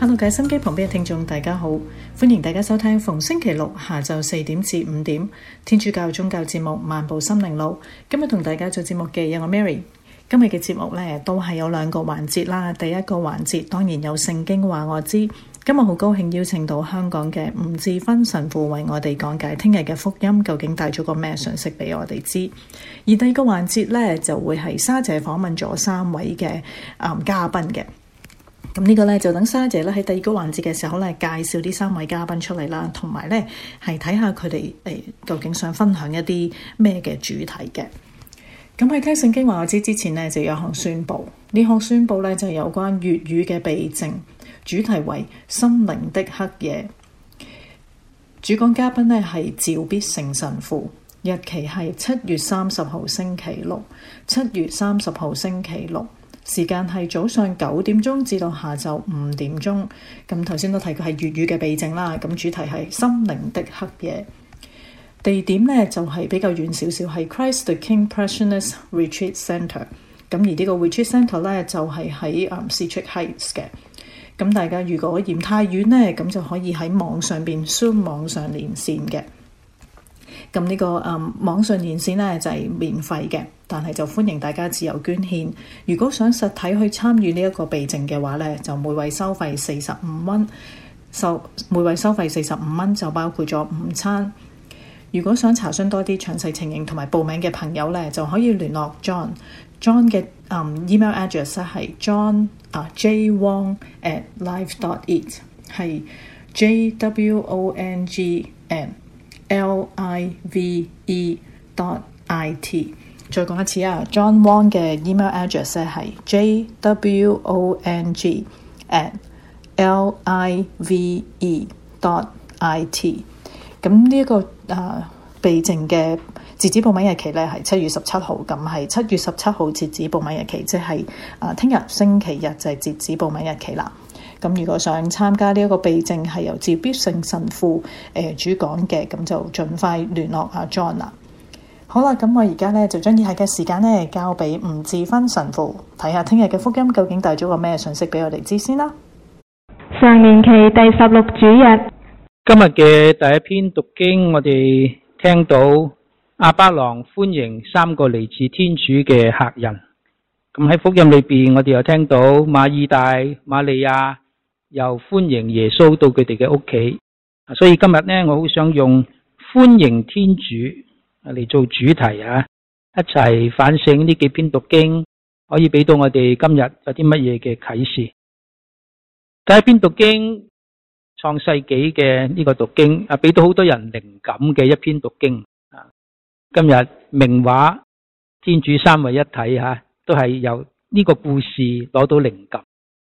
Hello，各位心機旁邊嘅聽眾，大家好，歡迎大家收聽逢星期六下晝四點至五點天主教宗教節目《漫步心靈路》。今日同大家做節目嘅有我 Mary。今日嘅節目咧，都係有兩個環節啦。第一個環節當然有聖經話我知，今日好高興邀請到香港嘅吳智勳神父為我哋講解聽日嘅福音究竟帶咗個咩信息俾我哋知。而第二個環節咧，就會係沙姐訪問咗三位嘅啊、嗯、嘉賓嘅。咁呢個咧就等沙姐咧喺第二個環節嘅時候咧，介紹呢三位嘉賓出嚟啦，同埋咧係睇下佢哋誒究竟想分享一啲咩嘅主題嘅。咁喺、嗯、么聽聖經話我知之前呢，就有項宣佈，呢項宣佈咧就係有關粵語嘅避靜，主題為心靈的黑夜。主講嘉賓咧係趙必成神父，日期係七月三十號星期六，七月三十號星期六。時間係早上九點鐘至到下晝五點鐘，咁頭先都提過係粵語嘅避靜啦。咁主題係《心靈的黑夜》，地點呢就係、是、比較遠少少，係 Christ the King Passionist Retreat Center, ret center。咁而呢個 Retreat Center 呢就係、是、喺 Citrus Heights 嘅。咁大家如果嫌太遠呢，咁就可以喺網上 Zoom 上網上連線嘅。咁、這個嗯、呢個誒網上連線呢就係、是、免費嘅，但係就歡迎大家自由捐獻。如果想實體去參與呢一個備證嘅話呢，就每位收費四十五蚊，收每位收費四十五蚊就包括咗午餐。如果想查詢多啲詳細情形同埋報名嘅朋友呢，就可以聯絡 John。John 嘅、um, email address 係 John 啊 J Wong at、uh, live dot it 係 J W, it, j w O N G N。G N Live dot it，再講一次啊，John Wong 嘅 email address 咧係 J W O N G at live dot it。咁呢一個啊備證嘅截止報名日期咧係七月十七號，咁係七月十七號截止報名日期，即係啊聽日星期日就係截止報名日期啦。咁如果想參加呢一個避靜，係由自必勝神父誒主講嘅，咁就盡快聯絡阿 John 啦。好啦，咁我而家呢就將以下嘅時間呢交俾吳志芬神父，睇下聽日嘅福音究竟帶咗個咩信息俾我哋知先啦。上年期第十六主日，今日嘅第一篇讀經，我哋聽到阿巴郎歡迎三個嚟自天主嘅客人。咁喺福音裏邊，我哋又聽到馬爾大、馬利亞。又歡迎耶穌到佢哋嘅屋企，所以今日呢，我好想用歡迎天主嚟做主題啊，一齊反省呢幾篇讀經，可以俾到我哋今日有啲乜嘢嘅啟示。第一篇讀經創世紀嘅呢個讀經啊，俾到好多人靈感嘅一篇讀經啊。今日名畫天主三位一體吓，都係由呢個故事攞到靈感。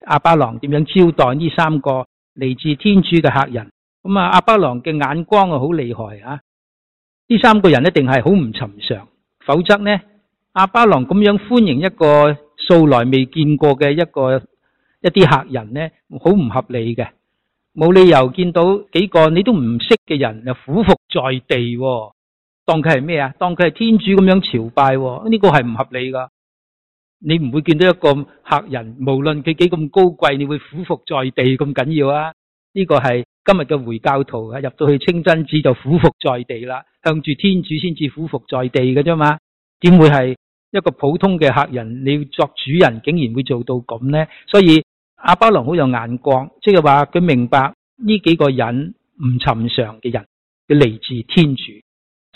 阿巴郎點樣招待呢三個嚟自天主嘅客人？咁啊，阿巴郎嘅眼光啊好厲害吓！呢三個人一定係好唔尋常，否則呢，阿巴郎咁樣歡迎一個素來未見過嘅一個一啲客人呢，好唔合理嘅，冇理由見到幾個你都唔識嘅人又俯伏在地，當佢係咩啊？當佢係天主咁樣朝拜？呢個係唔合理噶。你唔會見到一個客人，無論佢幾咁高貴，你會俯伏在地咁緊要啊？呢個係今日嘅回教徒啊，入到去清真寺就俯伏在地啦，向住天主先至俯伏在地嘅啫嘛？點會係一個普通嘅客人？你要作主人，竟然會做到咁呢？所以阿巴郎好有眼光，即係話佢明白呢幾個人唔尋常嘅人，佢嚟自天主，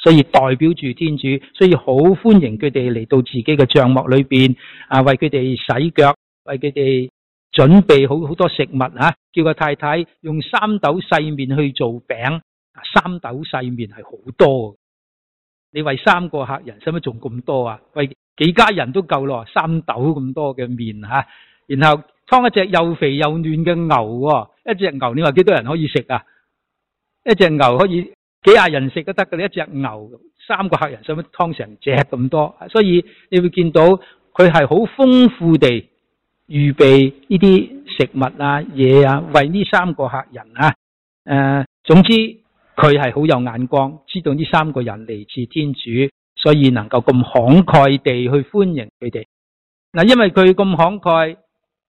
所以代表住天主，所以好歡迎佢哋嚟到自己嘅帳幕裏邊啊，為佢哋洗腳，為佢哋準備好好多食物吓、啊，叫個太太用三斗細麵去做餅，三斗細麵係好多，你為三個客人使乜仲咁多啊？為餵幾家人都夠咯，三斗咁多嘅麵吓、啊，然後劏一隻又肥又嫩嘅牛，一隻牛你話幾多人可以食啊？一隻牛可以。幾廿人食都得㗎，你一隻牛三個客人，使乜劏成隻咁多？所以你會見到佢係好豐富地預備呢啲食物啊嘢啊，為呢三個客人啊。誒、呃，總之佢係好有眼光，知道呢三個人嚟自天主，所以能夠咁慷慨地去歡迎佢哋。嗱，因為佢咁慷慨，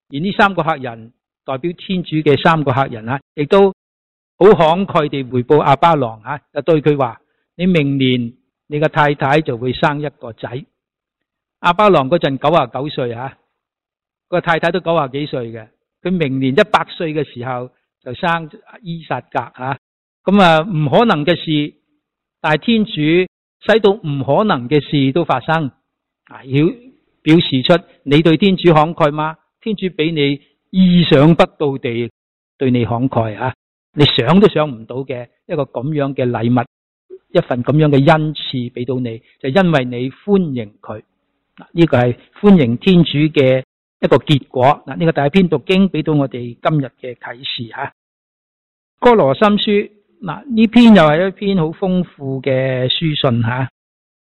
而呢三個客人代表天主嘅三個客人啊，亦都。好慷慨地回報阿巴郎啊！就對佢話：你明年你個太太就會生一個仔。阿巴郎嗰陣九十九歲啊，個太太都九十幾歲嘅。佢明年一百歲嘅時候就生伊撒格啊。咁啊，唔可能嘅事，但係天主使到唔可能嘅事都發生啊！要表示出你對天主慷慨嗎？天主俾你意想不到地對你慷慨啊！你想都想唔到嘅一個咁樣嘅禮物，一份咁樣嘅恩賜俾到你，就是、因為你歡迎佢，嗱、這、呢個係歡迎天主嘅一個結果。嗱、這、呢個第一篇讀經俾到我哋今日嘅啟示吓，《哥羅森書》嗱呢篇又係一篇好豐富嘅書信吓。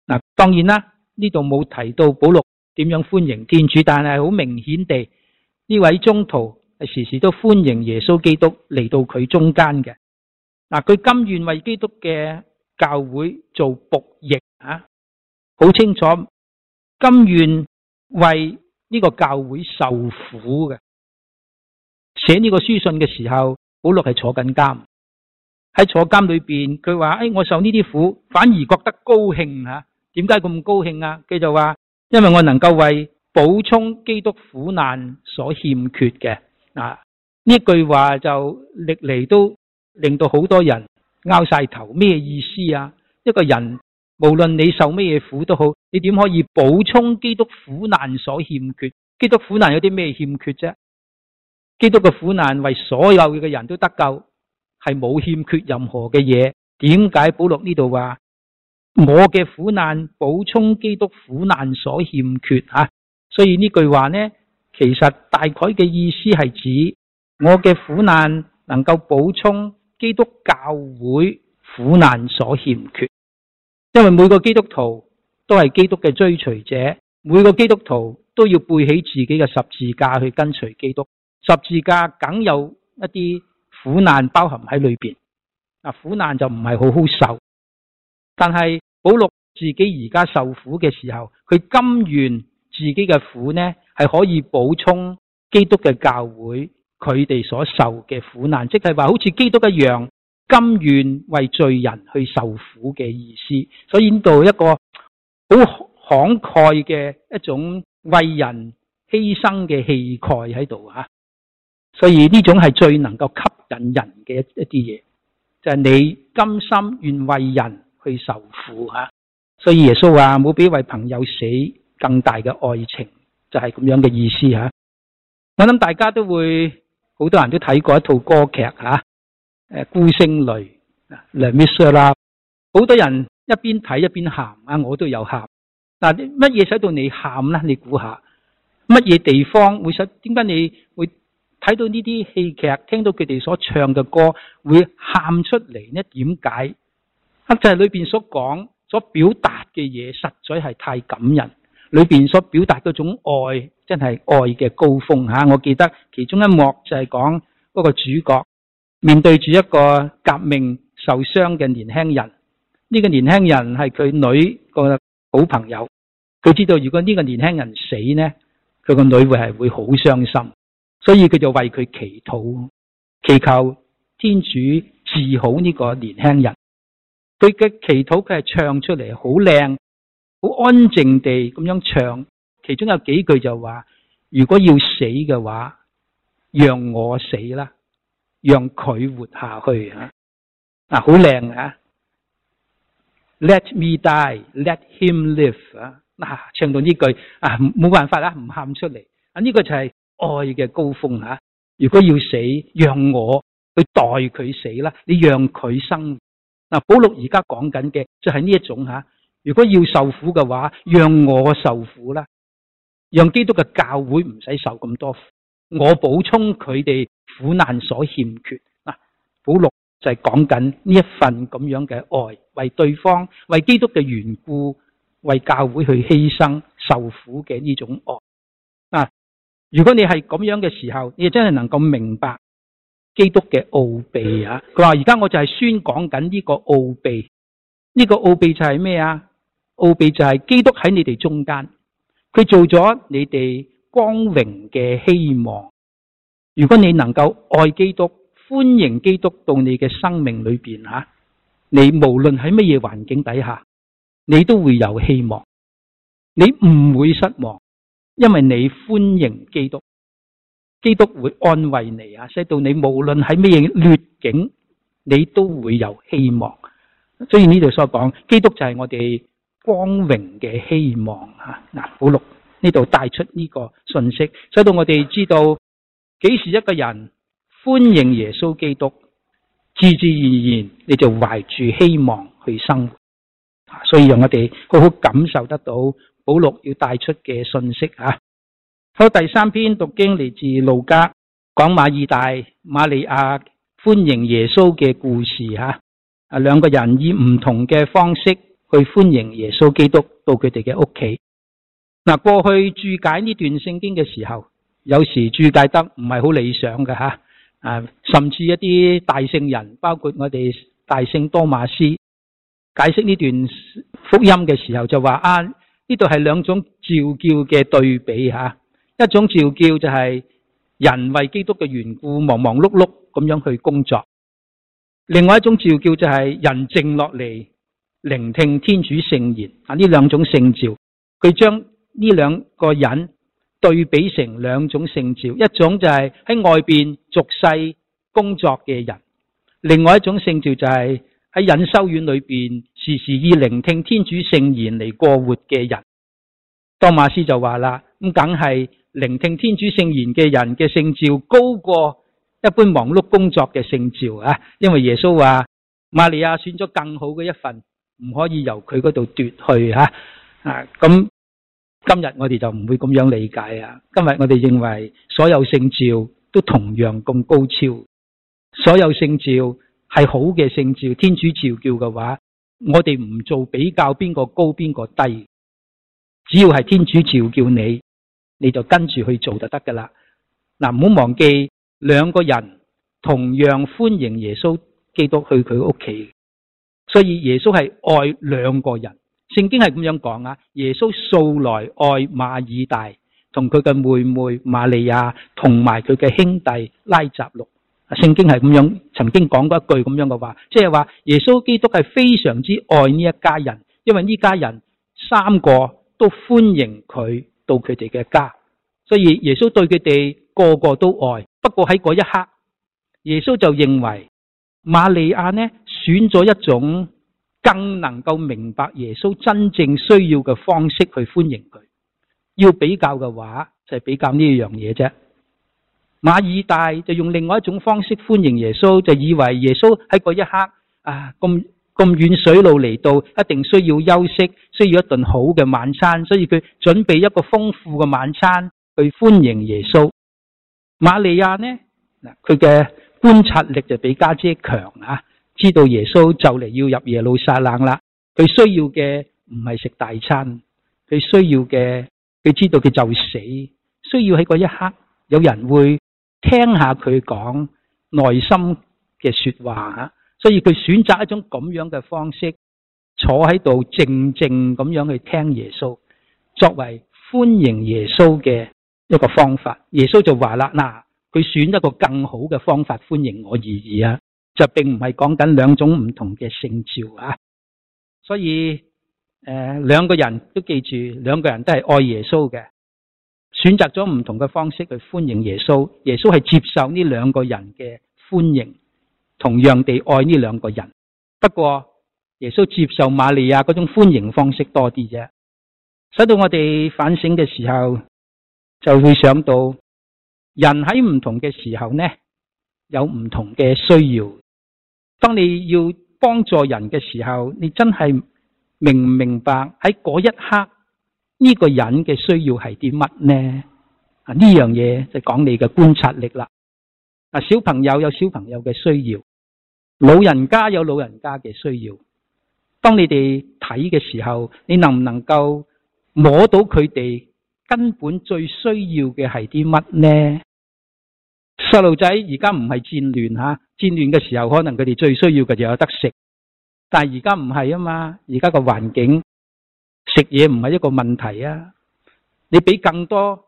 嗱當然啦，呢度冇提到保祿點樣歡迎天主，但係好明顯地呢位宗徒。時時都歡迎耶穌基督嚟到佢中間嘅嗱，佢甘願為基督嘅教會做僕役啊，好清楚甘願為呢個教會受苦嘅。寫呢個書信嘅時候，保羅係坐緊監喺坐監裏邊，佢話：，誒，我受呢啲苦，反而覺得高興吓。點解咁高興啊？佢就話：，因為我能夠為補充基督苦難所欠缺嘅。嗱，呢、啊、句話就歷嚟都令到好多人拗晒頭，咩意思啊？一個人無論你受咩嘢苦都好，你點可以補充基督苦難所欠缺？基督苦難有啲咩欠缺啫？基督嘅苦難為所有嘅人都得救，係冇欠缺任何嘅嘢。點解保羅呢度話我嘅苦難補充基督苦難所欠缺吓、啊？所以呢句話呢？其實大概嘅意思係指我嘅苦難能夠補充基督教會苦難所欠缺，因為每個基督徒都係基督嘅追隨者，每個基督徒都要背起自己嘅十字架去跟隨基督。十字架梗有一啲苦難包含喺裏邊，嗱，苦難就唔係好好受，但係保祿自己而家受苦嘅時候，佢甘願自己嘅苦呢？係可以補充基督嘅教會佢哋所受嘅苦難，即係話好似基督一樣甘願為罪人去受苦嘅意思。所以呢度一個好慷慨嘅一種為人犧牲嘅氣概喺度吓。所以呢種係最能夠吸引人嘅一啲嘢，就係你甘心願為人去受苦吓。所以耶穌話冇比為朋友死更大嘅愛情。就係咁樣嘅意思吓，我諗大家都會，好多人都睇過一套歌劇吓，誒《孤星淚》《Les Mis》啦，好多人一邊睇一邊喊啊，我都有喊。嗱，乜嘢使到你喊咧？你估下，乜嘢地方會使？點解你會睇到呢啲戲劇，聽到佢哋所唱嘅歌會喊出嚟呢？點解？啊，就係、是、裏邊所講所表達嘅嘢，實在係太感人。裏邊所表達嗰種愛，真係愛嘅高峰吓！我記得其中一幕就係講嗰個主角面對住一個革命受傷嘅年輕人，呢個年輕人係佢女個好朋友，佢知道如果呢個年輕人死呢，佢個女會係會好傷心，所以佢就為佢祈禱，祈求天主治好呢個年輕人。佢嘅祈禱佢係唱出嚟好靚。好安靜地咁樣唱，其中有幾句就話：如果要死嘅話，讓我死啦，讓佢活下去啊！嗱、啊，好靚啊！Let me die, let him live 啊！嗱，唱到呢句啊，冇辦法啦，唔喊出嚟啊！呢個就係愛嘅高峰吓、啊。如果要死，讓我去代佢死啦，你讓佢生。嗱、啊，保祿而家講緊嘅就係呢一種吓。啊如果要受苦嘅話，讓我受苦啦，讓基督嘅教會唔使受咁多苦，我補充佢哋苦難所欠缺嗱。保羅就係講緊呢一份咁樣嘅愛，為對方、為基督嘅緣故、為教會去犧牲受苦嘅呢種愛啊。如果你係咁樣嘅時候，你就真係能夠明白基督嘅奧祕啊！佢話而家我就係宣講緊呢個奧祕，呢、呢個奧祕就係咩啊？奧秘就係基督喺你哋中間，佢做咗你哋光榮嘅希望。如果你能夠愛基督、歡迎基督到你嘅生命裏邊啊，你無論喺乜嘢環境底下，你都會有希望，你唔會失望，因為你歡迎基督，基督會安慰你啊，使到你無論喺乜嘢劣境，你都會有希望。所以呢度所講，基督就係我哋。光榮嘅希望吓，嗱，保祿呢度帶出呢個信息，使到我哋知道幾時一個人歡迎耶穌基督，自自然然你就懷住希望去生活。所以讓我哋好好感受得到保祿要帶出嘅信息吓。好，第三篇讀經嚟自路加，講馬爾大、瑪利亞歡迎耶穌嘅故事吓。啊，兩個人以唔同嘅方式去歡迎耶穌基督到佢哋嘅屋企。嗱，過去注解呢段聖經嘅時候，有時注解得唔係好理想嘅吓，啊，甚至一啲大聖人，包括我哋大聖多馬斯解釋呢段福音嘅時候就說，就話啊，呢度係兩種召叫嘅對比吓，一種召叫就係人為基督嘅緣故忙忙碌碌咁樣去工作，另外一種召叫就係人靜落嚟，聆聽天主聖言啊！呢兩種聖召，佢將呢兩個人對比成兩種聖召，一種就係喺外邊俗世工作嘅人，另外一種聖召就係喺隱修院裏邊時時以聆聽天主聖言嚟過活嘅人。當馬斯就話啦，咁梗係聆聽天主聖言嘅人嘅聖召高過一般忙碌工作嘅聖召啊！因為耶穌話，瑪利亞選咗更好嘅一份。唔可以由佢嗰度奪去吓啊！咁今日我哋就唔會咁樣理解啊！今日我哋認為所有聖召都同樣咁高超，所有聖召係好嘅聖召，天主召叫嘅話，我哋唔做比較邊個高邊個低，只要係天主召叫你，你就跟住去做就得噶啦。嗱，唔好忘記兩個人同樣歡迎耶穌基督去佢屋企。所以耶穌係愛兩個人，聖經係咁樣講啊。耶穌素，素來愛馬爾大同佢嘅妹妹瑪利亞，同埋佢嘅兄弟拉匝祿。聖經係咁樣曾經講過一句咁樣嘅話，即係話耶穌基督係非常之愛呢一家人，因為呢家人三個都歡迎佢到佢哋嘅家。所以耶穌對佢哋個個都愛，不過喺嗰一刻，耶穌就認為瑪利亞呢？轉咗一種更能夠明白耶穌真正需要嘅方式去歡迎佢。要比較嘅話，就係、是、比較呢樣嘢啫。馬爾大就用另外一種方式歡迎耶穌，就以為耶穌喺嗰一刻啊，咁咁遠水路嚟到，一定需要休息，需要一頓好嘅晚餐，所以佢準備一個豐富嘅晚餐去歡迎耶穌。瑪利亞呢？佢嘅觀察力就比家姐、姐強啊。知道耶穌就嚟要入耶路撒冷啦，佢需要嘅唔係食大餐，佢需要嘅佢知道佢就死，需要喺嗰一刻有人會聽下佢講內心嘅說話，所以佢選擇一種咁樣嘅方式，坐喺度靜靜咁樣去聽耶穌，作為歡迎耶穌嘅一個方法。耶穌就話啦：嗱，佢選一個更好嘅方法歡迎我而已啊！就並唔係講緊兩種唔同嘅聖召啊，所以誒兩個人都記住，兩個人都係愛耶穌嘅，選擇咗唔同嘅方式去歡迎耶穌。耶穌係接受呢兩個人嘅歡迎，同樣地愛呢兩個人。不過耶穌接受瑪利亞嗰種歡迎方式多啲啫，使到我哋反省嘅時候就會想到，人喺唔同嘅時候呢，有唔同嘅需要。當你要幫助人嘅時候，你真係明唔明白喺嗰一刻呢個人嘅需要係啲乜呢？啊，呢樣嘢就講你嘅觀察力啦。小朋友有小朋友嘅需要，老人家有老人家嘅需要。當你哋睇嘅時候，你能唔能夠摸到佢哋根本最需要嘅係啲乜呢？細路仔而家唔係戰亂吓。戰亂嘅時候，可能佢哋最需要嘅就有得食，但係而家唔係啊嘛，而家個環境食嘢唔係一個問題啊。你俾更多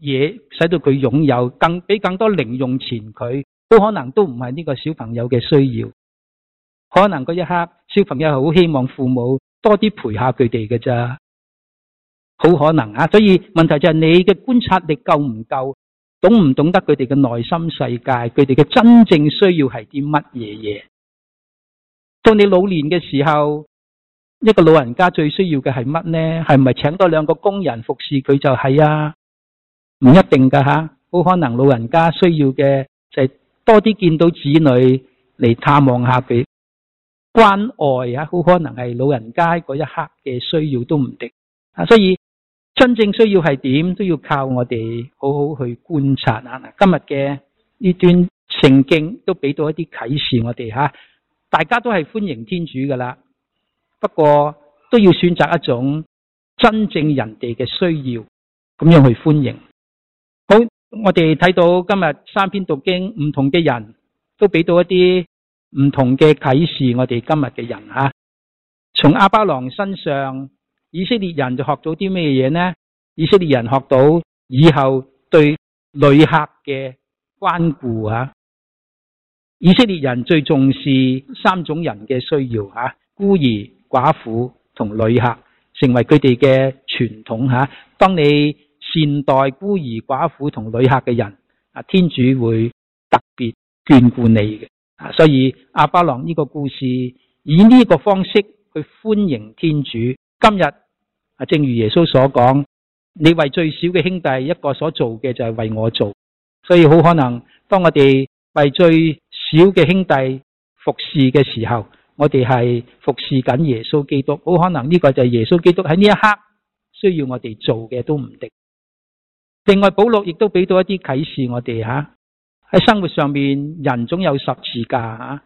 嘢使到佢擁有，更俾更多零用錢佢，都可能都唔係呢個小朋友嘅需要。可能嗰一刻，小朋友好希望父母多啲陪下佢哋㗎咋，好可能啊。所以問題就係你嘅觀察力夠唔夠？懂唔懂得佢哋嘅內心世界，佢哋嘅真正需要係啲乜嘢嘢？到你老年嘅時候，一個老人家最需要嘅係乜呢？係唔係請多兩個工人服侍佢就係啊？唔一定㗎吓，好可能老人家需要嘅就係多啲見到子女嚟探望下佢，關愛啊，好可能係老人家嗰一刻嘅需要都唔定啊，所以。真正需要係點都要靠我哋好好去觀察啊！今日嘅呢段聖經都俾到一啲啟示我哋吓，大家都係歡迎天主噶啦，不過都要選擇一種真正人哋嘅需要咁樣去歡迎。好，我哋睇到今日三篇讀經，唔同嘅人都俾到一啲唔同嘅啟示，我哋今日嘅人吓，從阿巴郎身上。以色列人就學到啲咩嘢呢？以色列人學到以後對旅客嘅關顧吓，以色列人最重視三種人嘅需要吓，孤兒、寡婦同旅客，成為佢哋嘅傳統吓。當你善待孤兒、寡婦同旅客嘅人，啊，天主會特別眷顧你嘅啊！所以阿巴郎呢個故事以呢個方式去歡迎天主，今日。正如耶穌所講，你為最小嘅兄弟一個所做嘅就係為我做，所以好可能當我哋為最小嘅兄弟服侍嘅時候，我哋係服侍緊耶穌基督。好可能呢個就係耶穌基督喺呢一刻需要我哋做嘅都唔定。另外，保祿亦都俾到一啲啟示我哋嚇，喺生活上面，人總有十字架嚇。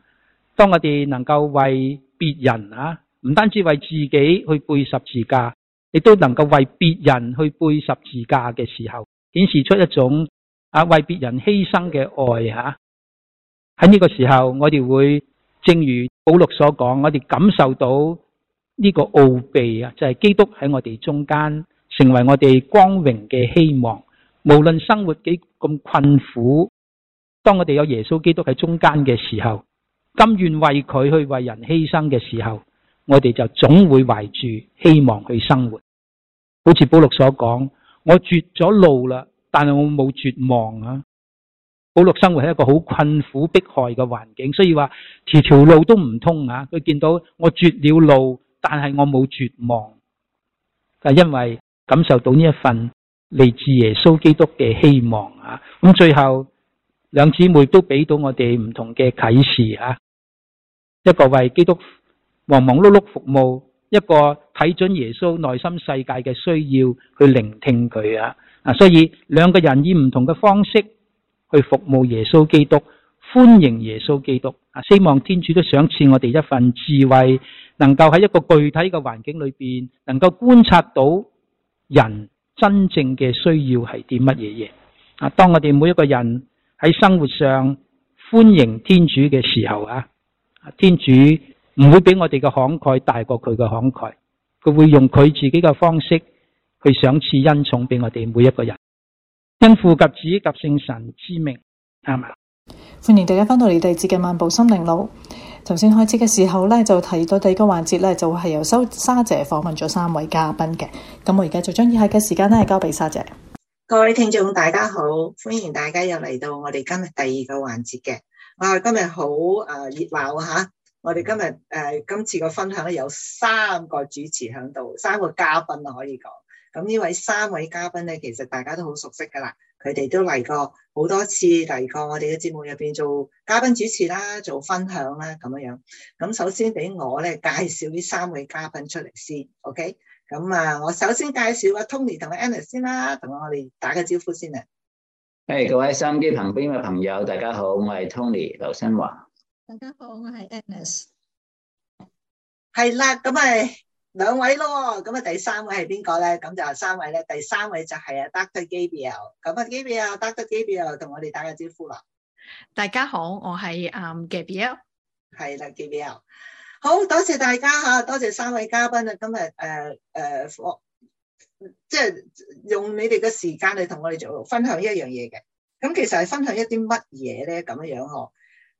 當我哋能夠為別人嚇，唔單止為自己去背十字架，亦都能夠為別人去背十字架嘅時候，顯示出一種啊為別人犧牲嘅愛吓。喺呢個時候，我哋會正如保祿所講，我哋感受到呢個奧秘啊，就係、是、基督喺我哋中間，成為我哋光榮嘅希望。無論生活幾咁困苦，當我哋有耶穌基督喺中間嘅時候，甘願為佢去為人犧牲嘅時候。我哋就總會懷住希望去生活，好似保禄所講，我絕咗路啦，但係我冇絕望啊。保禄生活係一個好困苦迫害嘅環境，所以話條條路都唔通啊。佢見到我絕了路，但係我冇絕望，但因為感受到呢一份嚟自耶穌基督嘅希望啊。咁最後兩姊妹都俾到我哋唔同嘅啟示啊，一個為基督。忙忙碌碌服務，一個睇準耶穌內心世界嘅需要去聆聽佢啊啊！所以兩個人以唔同嘅方式去服務耶穌基督，歡迎耶穌基督啊！希望天主都想賜我哋一份智慧，能夠喺一個具體嘅環境裏邊，能夠觀察到人真正嘅需要係啲乜嘢嘢啊！當我哋每一個人喺生活上歡迎天主嘅時候啊，天主。唔會俾我哋嘅慷慨大過佢嘅慷慨，佢會用佢自己嘅方式去賞賜恩寵俾我哋每一個人，因父及子及聖神之名，係嘛？歡迎大家翻到嚟第二節嘅漫步心靈路。頭先開始嘅時候咧，就提到第二個環節咧，就係由沙姐訪問咗三位嘉賓嘅。咁我而家就將以下嘅時間咧，交俾沙姐。各位聽眾大家好，歡迎大家又嚟到我哋今日第二個環節嘅。哇，今日好誒熱鬧吓！我哋今日誒、呃、今次個分享咧有三個主持喺度，三個嘉賓咯可以講。咁呢位三位嘉賓咧，其實大家都好熟悉噶啦，佢哋都嚟過好多次嚟過我哋嘅節目入邊做嘉賓主持啦，做分享啦咁樣樣。咁首先俾我咧介紹呢三位嘉賓出嚟先，OK？咁啊，我首先介紹阿、啊、Tony 同埋 Anne 先啦，同我哋打個招呼先啊。誒，hey, 各位收音機旁邊嘅朋友，大家好，我係 Tony 劉新華。大家好，我係 Annes 係啦，咁咪兩位咯，咁啊，第三位係邊個咧？咁就三位咧，第三位就係啊 Dr Gabriel。咁啊，Gabriel，Dr Gabriel 同我哋打個招呼啦。大家好，我係啊 Gabriel，係啊 Gabriel 好多謝大家吓，多謝三位嘉賓啊，今日誒誒，即、uh, 係、uh, 用你哋嘅時間嚟同我哋做分享一樣嘢嘅。咁其實係分享一啲乜嘢咧？咁樣樣哦。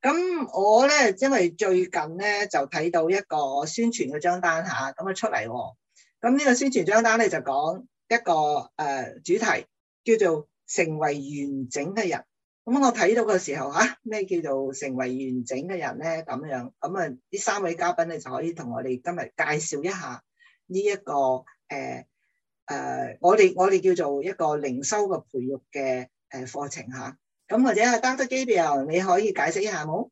咁我咧，因為最近咧就睇到一個宣傳嘅張單吓，咁啊出嚟喎、哦。咁呢個宣傳張單咧就講一個誒、呃、主題，叫做，啊、叫做成為完整嘅人。咁我睇到嘅時候吓，咩叫做成為完整嘅人咧？咁樣咁啊，呢三位嘉賓你就可以同我哋今日介紹一下呢、這、一個誒誒、呃呃，我哋我哋叫做一個靈修嘅培育嘅誒課程吓。咁或者啊 Daniel Gabriel 你可以解釋一下冇？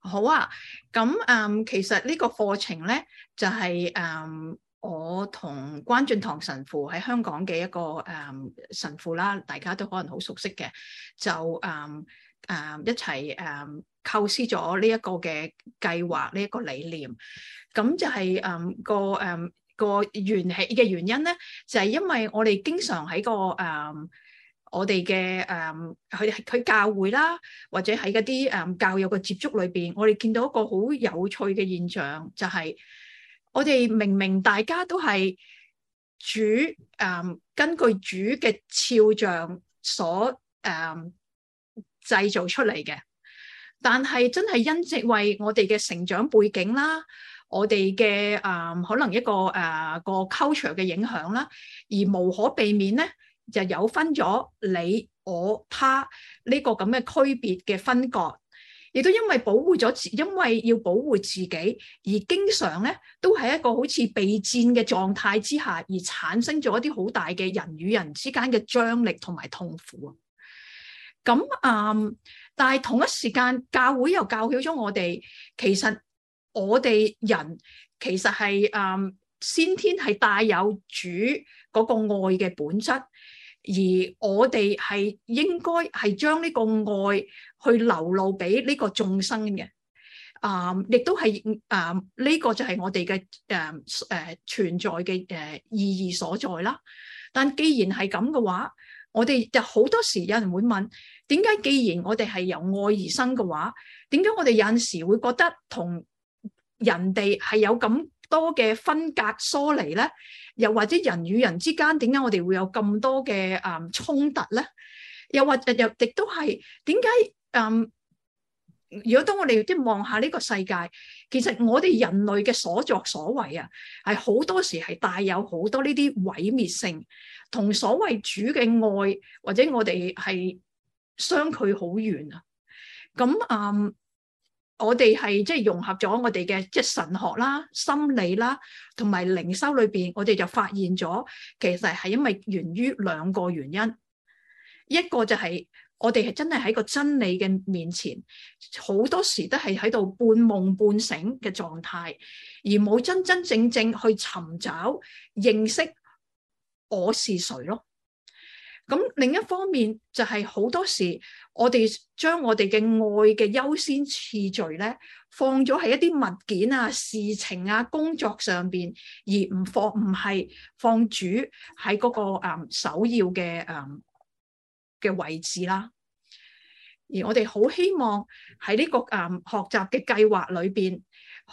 好啊，咁其實個課呢個課程咧，就係、是、嗯，我同關俊棠神父喺香港嘅一個嗯神父啦，大家都可能好熟悉嘅，就嗯誒、啊、一齊誒構思咗呢一個嘅計劃，呢、這、一個理念。咁就係、是、嗯個誒個緣起嘅原因咧，就係、是、因為我哋經常喺個誒。嗯我哋嘅誒，佢、嗯、佢教會啦，或者喺嗰啲誒教育嘅接觸裏邊，我哋見到一個好有趣嘅現象，就係、是、我哋明明大家都係主誒、嗯、根據主嘅肖像所誒製、嗯、造出嚟嘅，但係真係因為我哋嘅成長背景啦，我哋嘅誒可能一個誒、呃、個 culture 嘅影響啦，而無可避免咧。就有分咗你、我、他呢個咁嘅區別嘅分割，亦都因為保護咗自，因為要保護自己，而經常咧都係一個好似備戰嘅狀態之下，而產生咗一啲好大嘅人與人之間嘅張力同埋痛苦啊！咁啊、嗯，但係同一時間，教會又教曉咗我哋，其實我哋人其實係啊、嗯、先天係帶有主嗰個愛嘅本質。而我哋係應該係將呢個愛去流露俾呢個眾生嘅，啊、嗯，亦都係啊，呢、嗯這個就係我哋嘅誒誒存在嘅誒、呃、意義所在啦。但既然係咁嘅話，我哋就好多時候有人會問：點解既然我哋係由愛而生嘅話，點解我哋有陣時會覺得同人哋係有咁多嘅分隔疏離咧，又或者人與人之間，點解我哋會有咁多嘅誒衝突咧？又或者又亦都係點解誒？如果當我哋即望下呢個世界，其實我哋人類嘅所作所為啊，係好多時係帶有好多呢啲毀滅性，同所謂主嘅愛或者我哋係相距好遠啊。咁誒。嗯我哋係即係融合咗我哋嘅即係神學啦、心理啦，同埋靈修裏邊，我哋就發現咗，其實係因為源於兩個原因。一個就係我哋係真係喺個真理嘅面前，好多時都係喺度半夢半醒嘅狀態，而冇真真正正去尋找認識我是誰咯。咁另一方面就係好多時，我哋將我哋嘅愛嘅優先次序咧，放咗喺一啲物件啊、事情啊、工作上邊，而唔放唔係放主喺嗰、嗰個、嗯、首要嘅誒嘅位置啦。而我哋好希望喺呢、呢個誒、嗯、學習嘅計劃裏邊，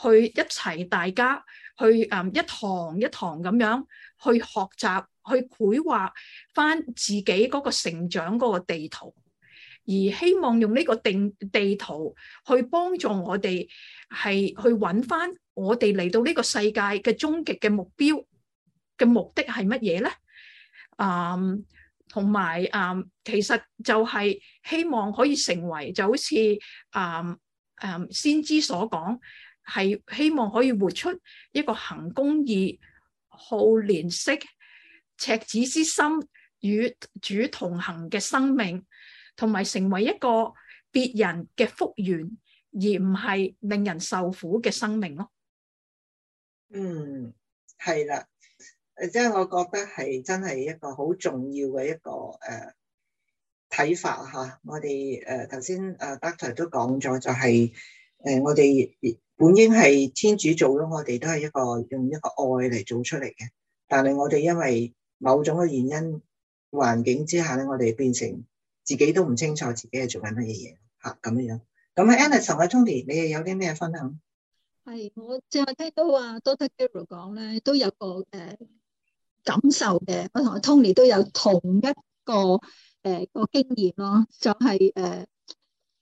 去一齊大家去誒、嗯、一堂一堂咁樣去學習。去繪畫翻自己嗰個成長嗰個地圖，而希望用呢個定地圖去幫助我哋係去揾翻我哋嚟到呢個世界嘅終極嘅目標嘅目的係乜嘢咧？啊、嗯，同埋啊，其實就係希望可以成為就好似啊啊先知所講，係希望可以活出一個行公義、好憐惜，赤子之心與主同行嘅生命，同埋成為一個別人嘅福源，而唔係令人受苦嘅生命咯。嗯，係啦，誒，即係我覺得係真係一個好重要嘅一個誒睇、呃、法吓。我哋誒頭先誒 Doctor 都講咗、就是，就係誒我哋本應係天主做咗我哋，都係一個用一個愛嚟做出嚟嘅，但係我哋因為某種嘅原因、環境之下咧，我哋變成自己都唔清楚自己係做緊乜嘢嘢，吓咁樣樣。咁喺 Anita 同阿 Tony，你又有啲咩分享？係我淨係聽到話，Doctor Gabriel 講咧都有個誒感受嘅，我同阿 Tony 都有同一個誒個經驗咯，就係誒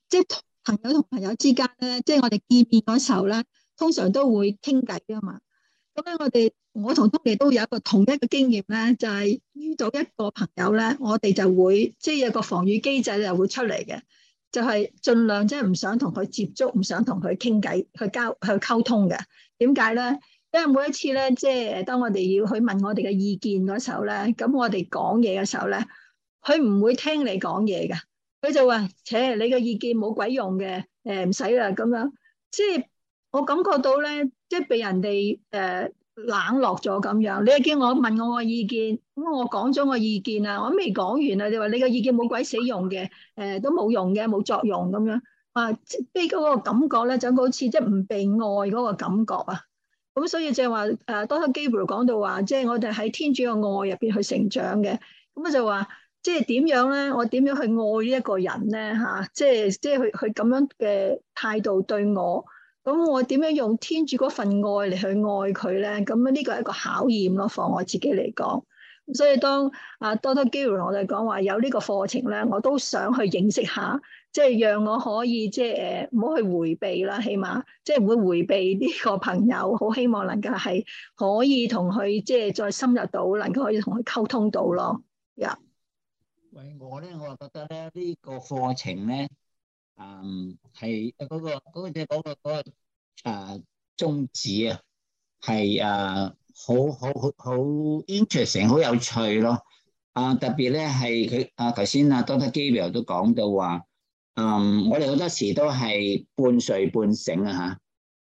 即係朋友同朋友之間咧，即係我哋見面嗰時候咧，通常都會傾偈啊嘛。咁咧，我哋。我同東尼都有一個同一個經驗咧，就係，是，遇到一個朋友咧，我哋就會即係，就是，有個防禦機制就會出嚟嘅，就係，是，盡量即係唔想同佢接觸，唔想同佢傾偈，去交去溝通嘅。點解咧？因為每一次咧，即係當我哋要去問我哋嘅意見嗰時候，咧，咁我哋講嘢嘅時候咧，佢唔會聽你講嘢嘅，佢就話：切，你嘅意見冇鬼用嘅，誒唔使啦，咁樣。即係我感覺到咧，即係俾人哋誒。冷落咗咁樣，你又叫我問我我意見，咁我講咗我意見啊，我未講完啊。你話你個意見冇鬼死用嘅，誒都冇用嘅，冇作用咁樣，啊，即係嗰個感覺咧，就好似即係唔被愛嗰個感覺啊，咁所以即係話誒，當 Gabriel 講到話，即係我哋喺天主嘅愛入邊去成長嘅，咁我就話即係點樣咧，我點樣去愛一個人咧吓，即係即係佢佢咁樣嘅態度對我。咁我點樣用天主嗰份愛嚟去愛佢咧？咁啊呢個係一個考驗咯，放我自己嚟講。所以當啊多 o c 我哋 r g 講話有呢個課程咧，我都想去認識一下，即、就、係、是、讓我可以即係誒唔好去迴避啦，起碼即係唔會迴避呢個朋友。好希望能夠係可以同佢即係再深入到，能夠可以同佢溝通到咯。呀、yeah.，我咧我覺得咧呢、這個課程咧。嗯，係嗰個 um, 嗰個即係嗰個嗰個誒宗旨啊，係啊好好好好 interesting，好有趣咯。啊，特別咧係佢啊，頭先啊 Doctor Gabriel 都講到話，嗯，我哋好多時都係半睡半醒啊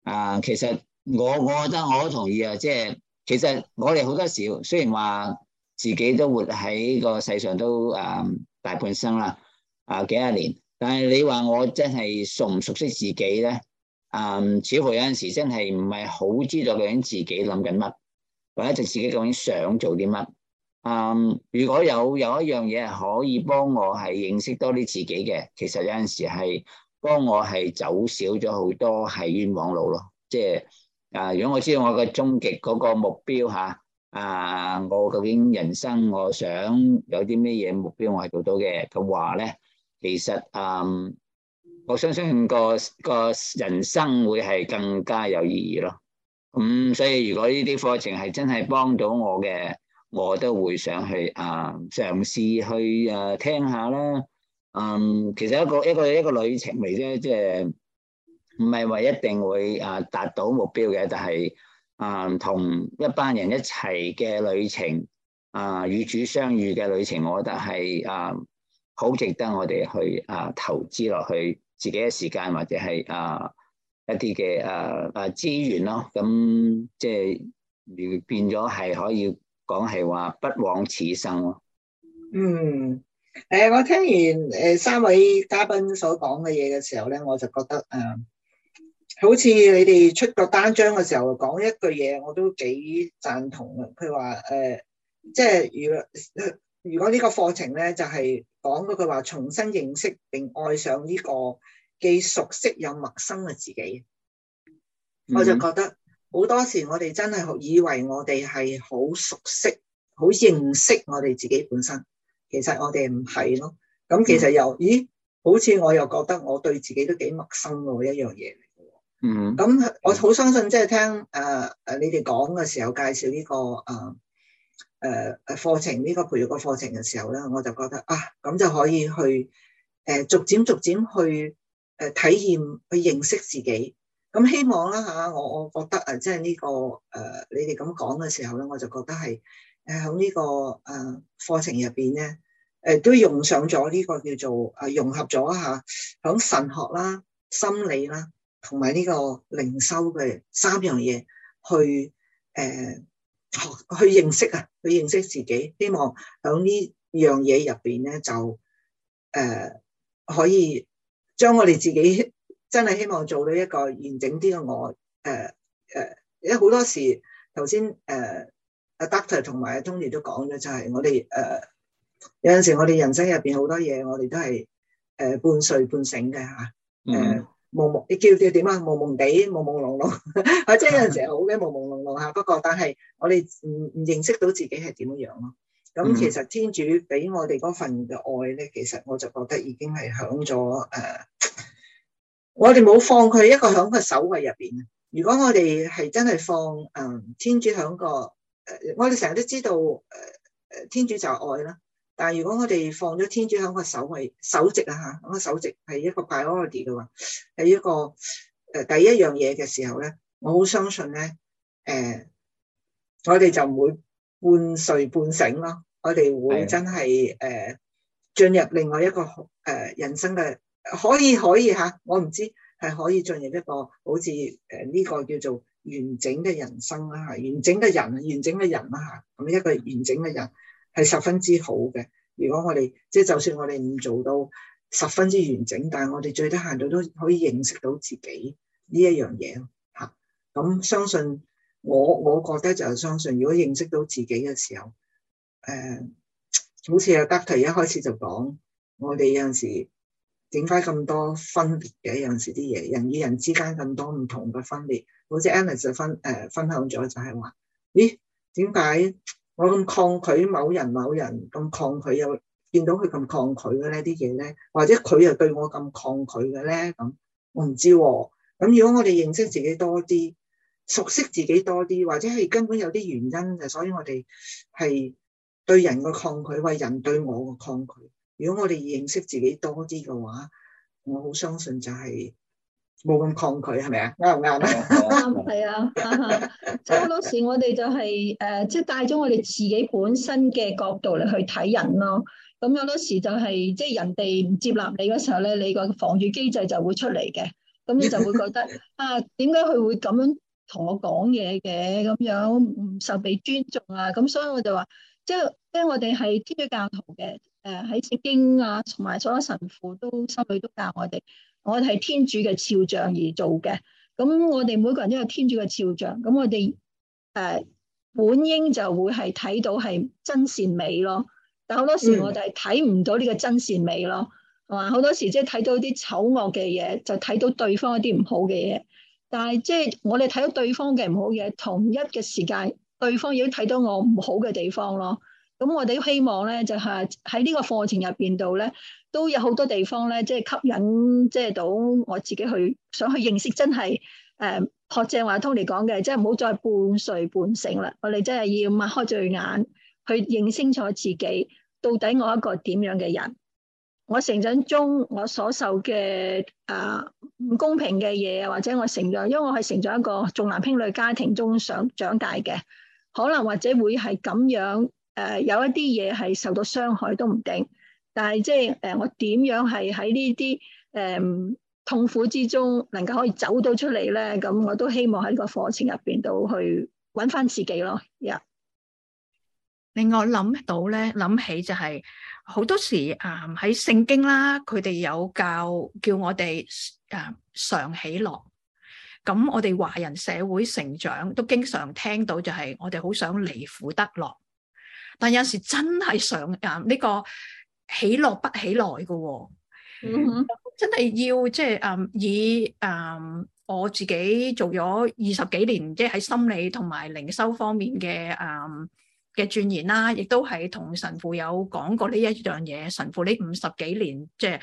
吓。啊，其實我我覺得我都同意啊，即係其實我哋好多時雖然話自己都活喺個世上都啊大半生啦，啊幾廿年。但係你話我真係熟唔熟悉自己咧？啊、嗯，似乎有陣時真係唔係好知道究竟自己諗緊乜，或者自己究竟想做啲乜？啊、嗯，如果有有一樣嘢係可以幫我係認識多啲自己嘅，其實有陣時係幫我係走少咗好多係冤枉路咯。即係啊，如果我知道我嘅終極嗰個目標吓，啊，我究竟人生我想有啲咩嘢目標我係做到嘅嘅話咧？其實誒，我相信個個人生會係更加有意義咯。咁所以如果呢啲課程係真係幫到我嘅，我都會想去啊嘗試去誒聽下啦。嗯，其實一個一個一個旅程嚟啫，即係唔係話一定會誒達到目標嘅，但係誒同一班人一齊嘅旅程，啊，與主相遇嘅旅程，我覺得係誒。好值得我哋去啊投資落去，啊、去自己嘅時間或者係啊一啲嘅啊資啊資源咯，咁即係變咗係可以講係話不枉此生咯。嗯，誒、呃，我聽完誒、呃、三位嘉賓所講嘅嘢嘅時候咧，我就覺得誒、呃，好似你哋出個單張嘅時候講一句嘢，我都幾贊同嘅。佢話誒，即係如如果呢個課程咧，就係講到句話，重新認識並愛上呢個既熟悉又陌生嘅自己，mm hmm. 我就覺得好多時我哋真係以為我哋係好熟悉，好認識我哋自己本身，其實我哋唔係咯。咁其實又，mm hmm. 咦？好似我又覺得我對自己都幾陌生嘅一樣嘢嚟嘅。嗯、mm。咁、hmm. 我好相信，即係聽誒誒你哋講嘅時候介紹呢、呢個誒。呃誒誒，課程呢、這個培育個課程嘅時候咧，我就覺得啊，咁就可以去誒、啊，逐漸逐漸去誒，體驗去認識自己。咁希望啦吓、啊，我我覺得誒，即係呢個誒、啊，你哋咁講嘅時候咧，我就覺得係誒，喺、啊、呢個誒課程入邊咧，誒、啊、都用上咗呢個叫做誒、啊、融合咗下，響神學啦、啊、心理啦，同埋呢個靈修嘅三樣嘢去誒。啊學去認識啊，去認識自己，希望喺呢樣嘢入邊咧就誒、呃、可以將我哋自己真係希望做到一個完整啲嘅我。誒、呃、誒、呃，因為好多時頭先誒阿 Doctor 同埋阿 Tony 都講咗，就、呃、係我哋誒有陣時我哋人生入邊好多嘢，我哋都係誒、呃、半睡半醒嘅吓，誒、呃。嗯你叫叫點啊？朦朦地，朦朦朧朧， 或者有陣時好嘅朦朦朧朧吓，不過但係我哋唔唔認識到自己係點樣樣咯。咁其實天主俾我哋嗰份嘅愛咧，其實我就覺得已經係響咗誒，嗯、我哋冇放佢一個響個首位入邊。如果我哋係真係放誒、嗯，天主響個誒，我哋成日都知道誒誒、呃，天主就係愛啦。但係如果我哋放咗天主喺我首位、首席啊嚇，我首席係一個 priority 嘅話，係一個誒第一樣嘢嘅時候咧，我好相信咧，誒我哋就唔會半睡半醒咯，我哋會真係誒進入另外一個誒人生嘅的可以可以嚇，我唔知係可以進入一個好似誒呢個叫做完整嘅人生啦嚇，完整嘅人、完整嘅人啦嚇，咁一個完整嘅人。係十分之好嘅。如果我哋即係就算我哋唔做到十分之完整，但係我哋最低限度都可以認識到自己呢一樣嘢。咁相信我，我覺得就係相信，如果認識到自己嘅時候，呃、好似阿德提一開始就講，我哋有陣時點解咁多分別嘅？有陣時啲嘢人與人之間咁多唔同嘅分別，好似 Alex 就分、呃、分享咗就係話：咦，點解？我咁抗拒某人，某人咁抗拒，又見到佢咁抗拒嘅呢啲嘢咧，或者佢又對我咁抗拒嘅咧，咁我唔知喎。咁如果我哋認識自己多啲，熟悉自己多啲，或者係根本有啲原因嘅，所以我哋係對人嘅抗拒，或人對我嘅抗拒。如果我哋認識自己多啲嘅話，我好相信就係。冇咁抗拒，係咪啊？啱唔啱啊？啱，係啊，即係好多時我哋就係誒，即係帶咗我哋自己本身嘅角度嚟去睇人咯。咁有多時就係即係人哋唔接納你嗰時候咧，你個防禦機制就會出嚟嘅。咁你就會覺得 啊，點解佢會咁樣同我講嘢嘅？咁樣唔受被尊重啊！咁所以我就話，即係即係我哋係天主教徒嘅，誒喺聖經啊，同埋所有的神父都心裏都教我哋。我哋係天主嘅肖像而做嘅，咁我哋每個人都有天主嘅肖像，咁我哋誒本應就會係睇到係真善美咯，但好多時我哋係睇唔到呢個真善美咯，同埋好多時即係睇到啲醜惡嘅嘢，就睇到對方一啲唔好嘅嘢，但係即係我哋睇到對方嘅唔好嘢，同一嘅時間，對方亦都睇到我唔好嘅地方咯。咁我哋希望咧，就係喺呢個課程入邊度咧。都有好多地方咧，即係吸引，即係到我自己去，想去認識真係誒、嗯、學鄭華通嚟講嘅，即係唔好再半睡半醒啦！我哋真係要擘開對眼去認清楚自己，到底我一個點樣嘅人？我成長中我所受嘅啊唔公平嘅嘢啊，或者我成長，因為我係成長一個重男輕女家庭中想長大嘅，可能或者會係咁樣誒、啊，有一啲嘢係受到傷害都唔定。但係即係誒，我點樣係喺呢啲誒痛苦之中，能夠可以走到出嚟咧？咁我都希望喺個課程入邊度去揾翻自己咯。另、yeah. 外，我諗到咧，諗起就係、是、好多時啊，喺、嗯、聖經啦，佢哋有教叫我哋啊、嗯、常喜樂。咁我哋華人社會成長都經常聽到，就係我哋好想離苦得樂。但有時真係想啊呢個。喜樂不起來嘅，哦 mm hmm. 就是，嗯，真係要即係誒，以誒我自己做咗二十幾年，即係喺心理同埋靈修方面嘅，誒嘅鑽研啦，亦，嗯啊，都係同神父有講過呢一樣嘢。神父呢五十幾年，即係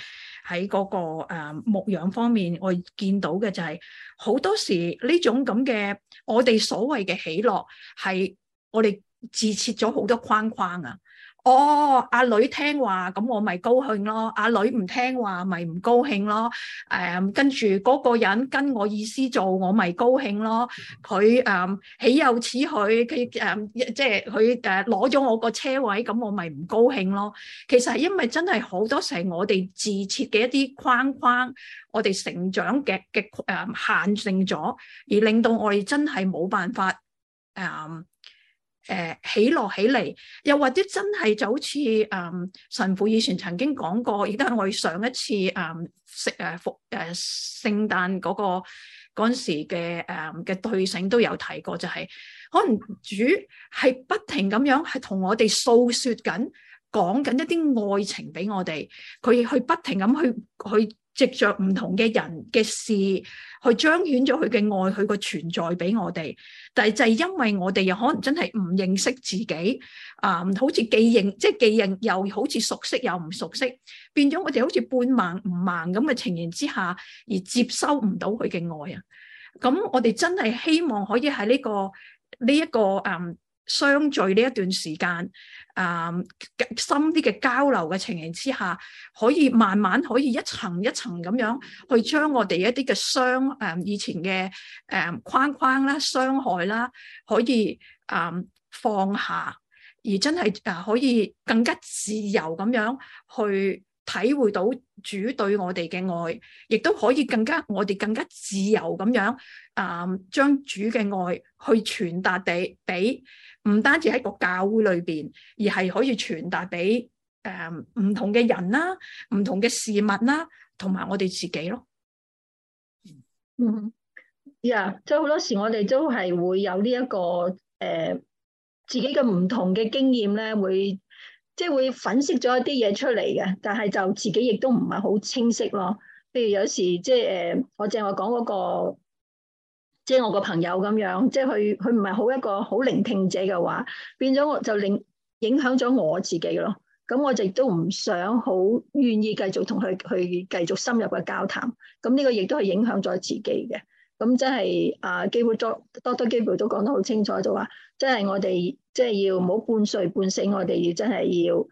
喺嗰個誒，嗯，牧養方面，我見到嘅就係、是，好多時呢種咁嘅，我哋所謂嘅喜樂係我哋自設咗好多框框啊。哦，阿女聽話咁我咪高興咯，阿女唔聽話咪唔高興咯。誒、嗯，跟住嗰個人跟我意思做，我咪高興咯。佢誒，豈、嗯、有此理？佢誒，即係佢誒，攞、就、咗、是、我個車位，咁我咪唔高興咯。其實係因為真係好多時，我哋自設嘅一啲框框，我哋成長嘅嘅誒，限制咗，而令到我哋真係冇辦法誒。嗯誒起落起嚟，又或者真係就好似誒神父以前曾經講過，亦都係我哋上一次誒、嗯、食誒服誒聖誕嗰、那個嗰陣時嘅誒嘅對醒都有提過，就係、是、可能主係不停咁樣係同我哋訴説緊，講緊一啲愛情俾我哋，佢去不停咁去去。去藉着唔同嘅人嘅事，去彰顯咗佢嘅愛，佢個存在俾我哋。但係就係因為我哋又可能真係唔認識自己，啊、嗯，好似既認即係既認，即係、既認又好似熟悉又唔熟悉，變咗我哋好似半盲唔盲咁嘅情形之下，而接收唔到佢嘅愛啊！咁我哋真係希望可以喺呢、呢個呢一、呢個嗯。相聚呢一段時間，誒、嗯、深啲嘅交流嘅情形之下，可以慢慢可以一層一層咁樣去將我哋一啲嘅傷誒、嗯、以前嘅誒、嗯、框框啦、傷害啦，可以誒、嗯、放下，而真係誒可以更加自由咁樣去體會到主對我哋嘅愛，亦都可以更加我哋更加自由咁樣誒、嗯、將主嘅愛去傳達地俾。唔單止喺個教會裏邊，而係可以傳達俾誒唔同嘅人啦、唔同嘅事物啦，同埋我哋自己咯。嗯、yeah, 這個，呀、呃，即係好多時我哋都係會有呢一個誒自己嘅唔同嘅經驗咧，會即係會粉飾咗一啲嘢出嚟嘅，但係就自己亦都唔係好清晰咯。譬如有時即係誒、呃，我正話講嗰個。即係我個朋友咁樣，即係佢佢唔係好一個好聆聽者嘅話，變咗我就令影影響咗我自己咯。咁我亦都唔想好願意繼續同佢去繼續深入嘅交談。咁呢個亦都係影響咗自己嘅。咁真係啊，基本多多都基本都講得好清楚，就話真係我哋即係要唔好半睡半醒，我哋要真係要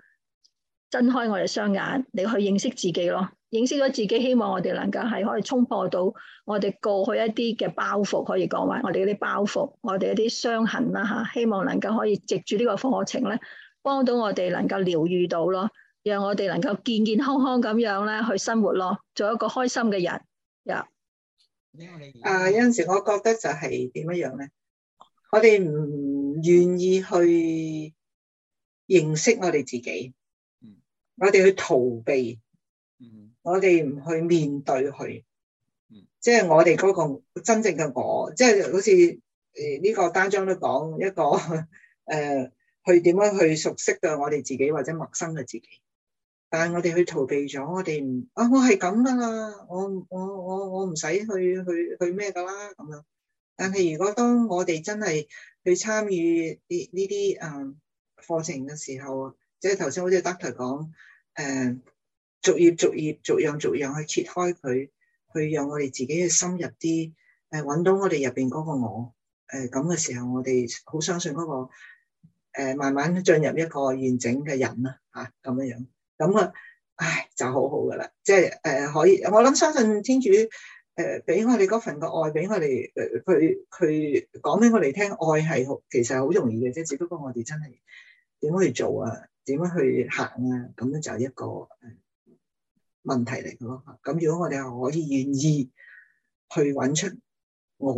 睜開我哋雙眼，嚟去認識自己咯。認識咗自己，希望我哋能夠係可以衝破到我哋過去一啲嘅包袱，可以講話我哋嗰啲包袱，我哋一啲傷痕啦吓，希望能夠可以藉住呢個課程咧，幫到我哋能夠療癒到咯，讓我哋能夠健健康康咁樣咧去生活咯，做一個開心嘅人。Yeah. 有啊，有陣時我覺得就係點樣樣咧，我哋唔願意去認識我哋自己，我哋去逃避。我哋唔去面對佢，即係我哋嗰個真正嘅我，即係好似誒呢個單張都講一個誒、呃，去點樣去熟悉嘅我哋自己或者陌生嘅自己，但係我哋去逃避咗，我哋唔，啊，我係咁噶啦，我我我我唔使去去去咩噶啦咁樣。但係如果當我哋真係去參與呢呢啲誒課程嘅時候，即係頭先好似 Doctor 講誒。呃逐頁逐頁、逐樣逐樣去切開佢，去讓我哋自己去深入啲，誒揾到我哋入邊嗰個我，誒咁嘅時候，我哋好相信嗰、嗰個、呃、慢慢進入一個完整嘅人啦，嚇咁樣樣，咁啊，唉就好好噶啦，即係誒、呃、可以，我諗相信天主誒俾、呃、我哋嗰份嘅愛，俾我哋佢佢講俾我哋聽，愛係其實係好容易嘅啫，只不過我哋真係點去做啊，點樣去行啊，咁樣就係一個問題嚟嘅咯。咁如果我哋可以願意去揾出我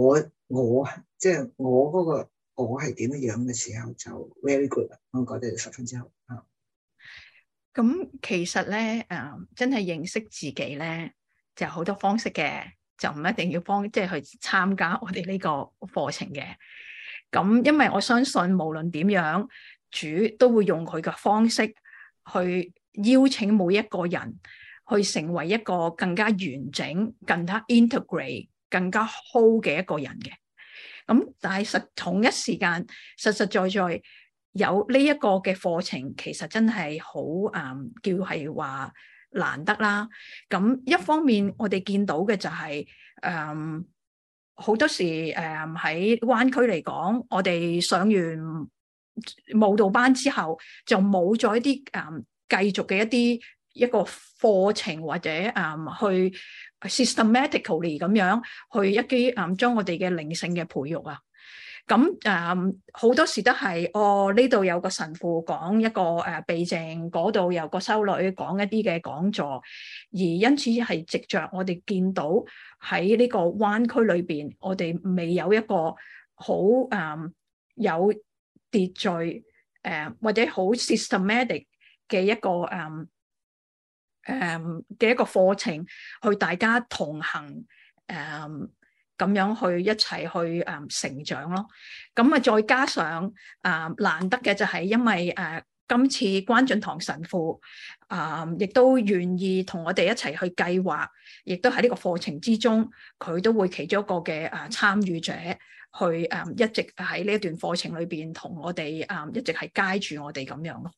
我即係我嗰個我係點樣嘅時候，就 very good。我覺得十分之好。咁其實咧，誒真係認識自己咧，就好多方式嘅，就唔一定要幫即係去參加我哋呢個課程嘅。咁因為我相信無論點樣，主都會用佢嘅方式去邀請每一個人。去成為一個更加完整、更加 integrate、更加好嘅一個人嘅。咁但係實同一時間，實實在在有呢一個嘅課程，其實真係好啊，叫係話難得啦。咁一方面我哋、就係嗯嗯，我哋見到嘅就係誒好多時誒喺灣區嚟講，我哋上完舞蹈班之後，就冇咗一啲誒、嗯、繼續嘅一啲。一個課程或者誒、嗯、去 systematically 咁樣去一啲誒將我哋嘅靈性嘅培育啊，咁誒好多時都係哦，呢度有個神父講一個誒、呃、避靜，嗰度有個修女講一啲嘅講座，而因此係直着我哋見到喺呢個灣區裏邊，我哋未有一個好誒、嗯、有秩序誒、呃、或者好 systematic 嘅一個誒。嗯誒嘅一個課程，去大家同行誒咁、嗯、樣去一齊去誒成長咯。咁啊再加上啊、嗯、難得嘅就係因為誒、啊、今次關進堂神父啊亦、嗯、都願意同我哋一齊去計劃，亦都喺呢個課程之中，佢都會其中一個嘅誒參與者去誒、嗯、一直喺呢一段課程裏邊同我哋誒、嗯、一直係街住我哋咁樣咯。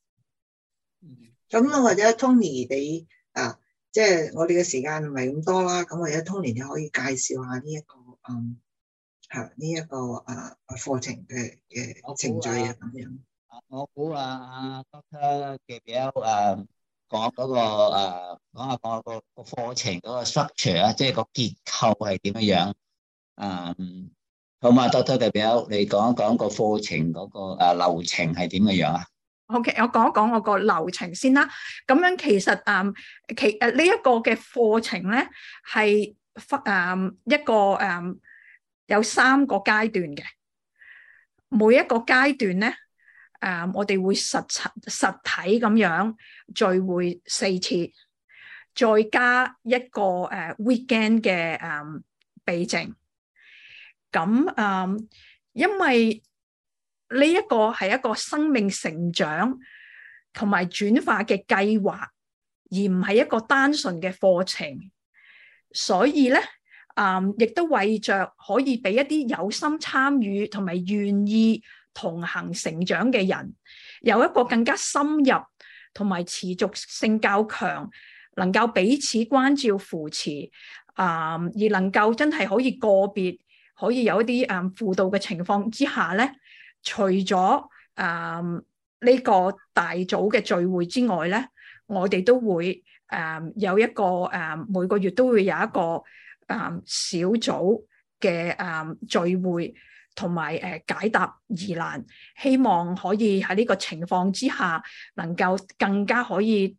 咁或者 Tony 你？啊，即係我哋嘅時間唔係咁多啦，咁我而家通年你可以介紹下呢一個嗯，係呢一個誒課程嘅嘅程序啊咁樣。我估啊，阿 doctor Gabriel 誒講嗰個誒講下個個個課程嗰個 structure 啊，即係個結構係點樣？嗯，好嘛，doctor Gabriel，你講一講個課程嗰個誒流程係點樣啊？OK，我講一講我個流程先啦。咁樣其實誒，其誒呢一個嘅課程咧，係誒一個誒有三個階段嘅。每一個階段咧，誒我哋會實實體咁樣聚會四次，再加一個誒 weekend 嘅誒備證。咁誒，因為。呢一個係一個生命成長同埋轉化嘅計劃，而唔係一個單純嘅課程。所以咧，嗯，亦都為着可以俾一啲有心參與同埋願意同行成長嘅人，有一個更加深入同埋持續性較強，能夠彼此關照扶持，啊、嗯，而能夠真係可以個別可以有一啲啊、嗯、輔導嘅情況之下咧。除咗誒呢個大組嘅聚會之外咧，我哋都會誒、嗯、有一個誒、嗯、每個月都會有一個誒、嗯、小組嘅誒、嗯、聚會，同埋誒解答疑難，希望可以喺呢個情況之下，能夠更加可以誒、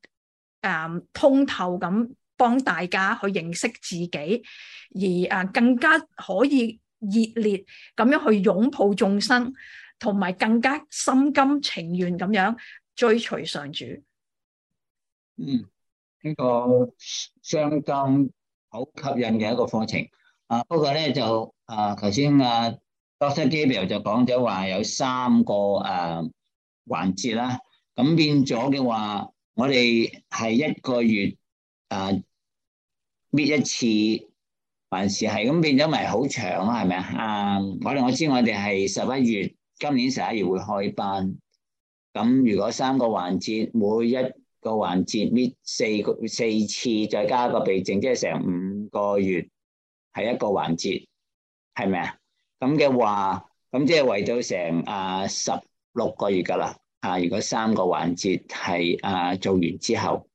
嗯、通透咁幫大家去認識自己，而誒更加可以熱烈咁樣去擁抱眾生。同埋更加心甘情願咁樣追隨上主。嗯，呢、這個相當好吸引嘅一個課程。啊，不過咧就啊頭先啊 Doctor Gabriel 就講咗話有三個誒、啊、環節啦。咁變咗嘅話，我哋係一個月誒搣、啊、一次，還是係咁變咗咪好長啊？係咪啊？啊，我哋我知我哋係十一月。今年十一月會開班，咁如果三個環節，每一個環節搣四個四次，再加個備證，即係成五個月係一個環節，係咪啊？咁嘅話，咁即係為到成啊十六個月噶啦，啊！如果三個環節係啊做完之後，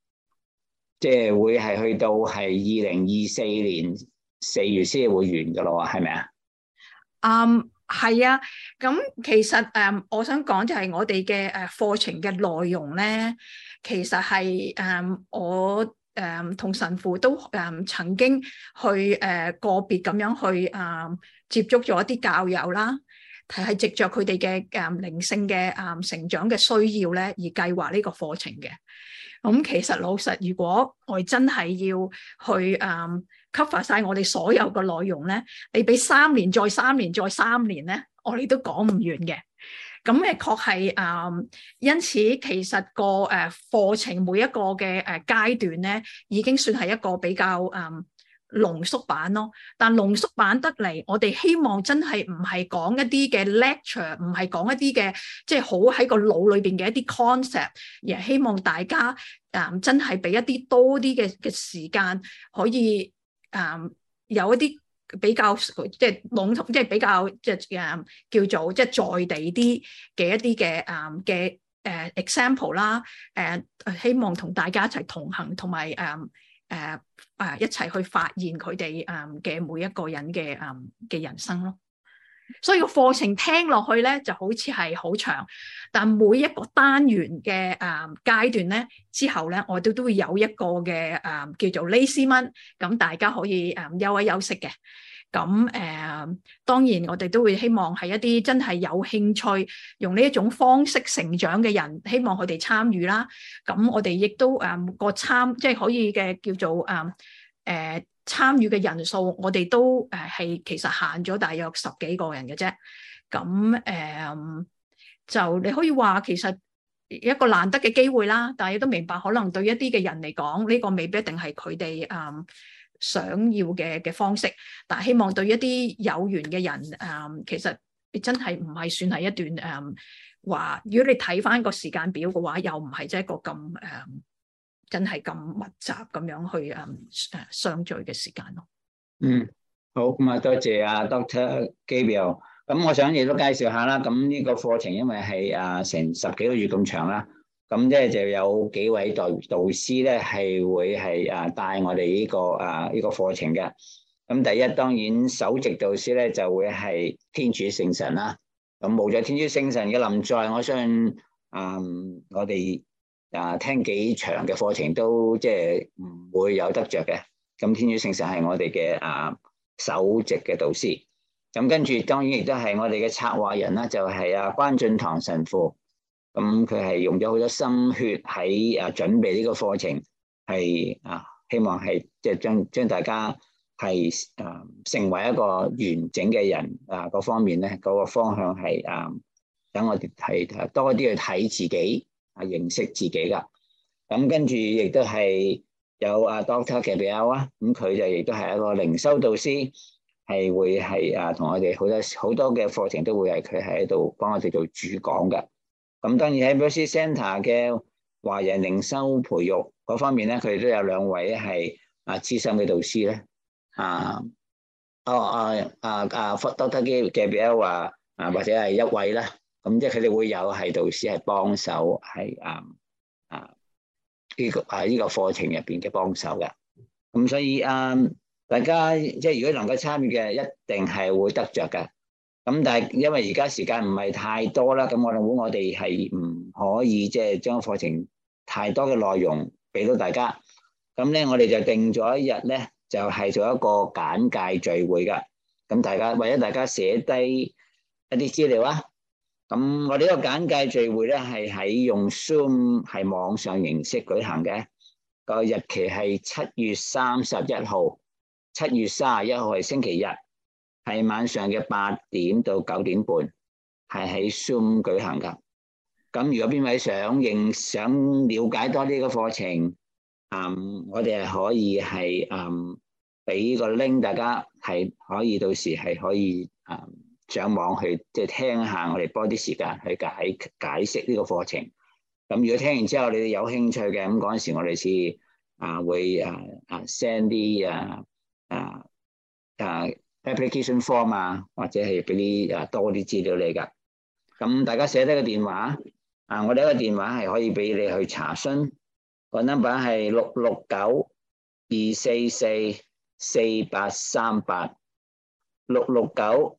即係會係去到係二零二四年四月先會完噶咯喎，係咪啊？嗯、um。係啊，咁其實誒、嗯，我想講就係我哋嘅誒課程嘅內容咧，其實係誒、嗯、我誒同、嗯、神父都誒、嗯、曾經去誒、呃、個別咁樣去誒、嗯、接觸咗一啲教友啦，係係藉着佢哋嘅誒靈性嘅誒、嗯、成長嘅需要咧而計劃呢個課程嘅。咁其實老實，如果我真係要去誒。嗯 cover 晒我哋所有嘅內容咧，你俾三年再三年再三年咧，我哋都講唔完嘅。咁咧確係誒，因此其實個誒課程每一個嘅誒階段咧，已經算係一個比較誒濃縮版咯。但濃縮版得嚟，我哋希望真係唔係講一啲嘅 lecture，唔係講一啲嘅即係好喺個腦裏邊嘅一啲 concept，而係希望大家誒、嗯、真係俾一啲多啲嘅嘅時間可以。嗯、有一啲比較即係籠統即係比較即係誒、嗯、叫做即係在地啲嘅一啲嘅誒嘅誒 example 啦，誒、嗯、希望同大家一齊同行，同埋誒誒誒一齊去發現佢哋誒嘅每一個人嘅誒嘅人生咯。所以個課程聽落去咧就好似係好長，但每一個單元嘅誒階段咧之後咧，我哋都會有一個嘅誒、呃，叫做 laisman，咁大家可以誒休一休息嘅。咁誒、呃，當然我哋都會希望係一啲真係有興趣用呢一種方式成長嘅人，希望佢哋參與啦。咁我哋亦都誒個參即係可以嘅叫做誒誒。呃參與嘅人數，我哋都誒係其實限咗大約十幾個人嘅啫。咁誒、嗯、就你可以話其實一個難得嘅機會啦，但係亦都明白可能對一啲嘅人嚟講，呢、呢個未必一定係佢哋誒想要嘅嘅方式。但係希望對一啲有緣嘅人誒、嗯，其實真係唔係算係一段誒話、嗯。如果你睇翻個時間表嘅話，又唔係即係一個咁誒。嗯真係咁密集咁樣去啊，相聚嘅時間咯。嗯，好咁啊，多謝啊，Dr. Gabriel。咁我想亦都介紹下啦。咁呢個課程因為係啊成十幾個月咁長啦。咁即係就有幾位導導師咧係會係啊帶我哋呢個啊呢個課程嘅。咁第一當然首席導師咧就會係天主聖神啦。咁無咗天主聖神嘅臨在，我相信啊、嗯、我哋。啊，聽幾場嘅課程都即係唔會有得着嘅。咁天主聖神係我哋嘅啊首席嘅導師。咁跟住當然亦都係我哋嘅策劃人啦，就係啊關俊棠神父。咁佢係用咗好多心血喺啊準備呢個課程，係啊希望係即係將將大家係啊成為一個完整嘅人啊方面咧，嗰個方向係啊等我哋睇多啲去睇自己。啊，認識自己㗎，咁跟住亦都係有啊，Doctor Gabriel 啊，咁佢就亦都係一個靈修導師，係會係啊，同我哋好多好多嘅課程都會係佢喺度幫我哋做主講嘅。咁當然喺 Mercy Centre 嘅華人靈修培育嗰方面咧，佢哋都有兩位係啊資深嘅導師咧。啊，哦哦啊啊，Doctor Gabriel 啊啊，或者係一位啦。咁即係佢哋會有係導師係幫手係啊啊呢個啊呢個課程入邊嘅幫手嘅，咁所以啊大家即係如果能夠參與嘅，一定係會得着嘅。咁但係因為而家時間唔係太多啦，咁我諗我哋係唔可以即係將課程太多嘅內容俾到大家。咁咧，我哋就定咗一日咧，就係做一個簡介聚會嘅。咁大家為咗大家寫低一啲資料啊！咁我哋呢個簡介聚會咧係喺用 Zoom 係網上形式舉行嘅，個日期係七月三十一號，七月三十一號係星期日，係晚上嘅八點到九點半，係喺 Zoom 舉行噶。咁如果邊位想認想了解多啲個課程，嗯，我哋係可以係嗯俾個 link 大家係可以到時係可以嗯。上網去即係聽下，我哋幫啲時間去解解釋呢個課程。咁如果聽完之後你哋有興趣嘅，咁嗰陣時我哋先啊會啊啊 send 啲啊啊啊 application form 啊，或者係俾啲啊多啲資料你㗎。咁大家寫低個電話，啊我哋一個電話係可以俾你去查詢。個 number 係六六九二四四四八三八六六九，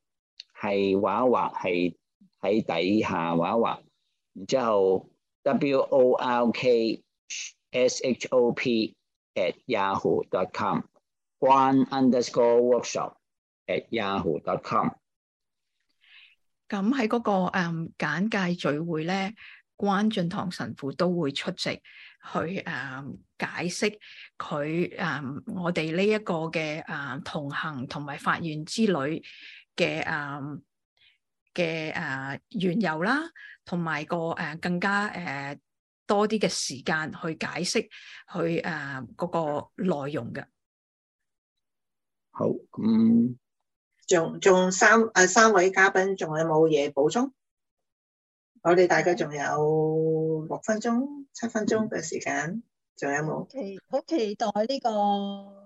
係畫畫，係喺底下畫畫，然之後 w o r k s h o p at yahoo dot com，關 _underscore_workshop at yahoo dot com。咁喺嗰個誒簡介聚會咧，關俊棠神父都會出席去誒解釋佢誒我哋呢一個嘅誒同行同埋發現之旅。嘅誒嘅誒緣由啦，同埋個誒更加誒多啲嘅時間去解釋，去誒嗰個內容嘅。好，咁仲仲三誒三位嘉賓仲有冇嘢補充？我哋大概仲有六分鐘、七分鐘嘅時間，仲、嗯、有冇？好期待呢、這個。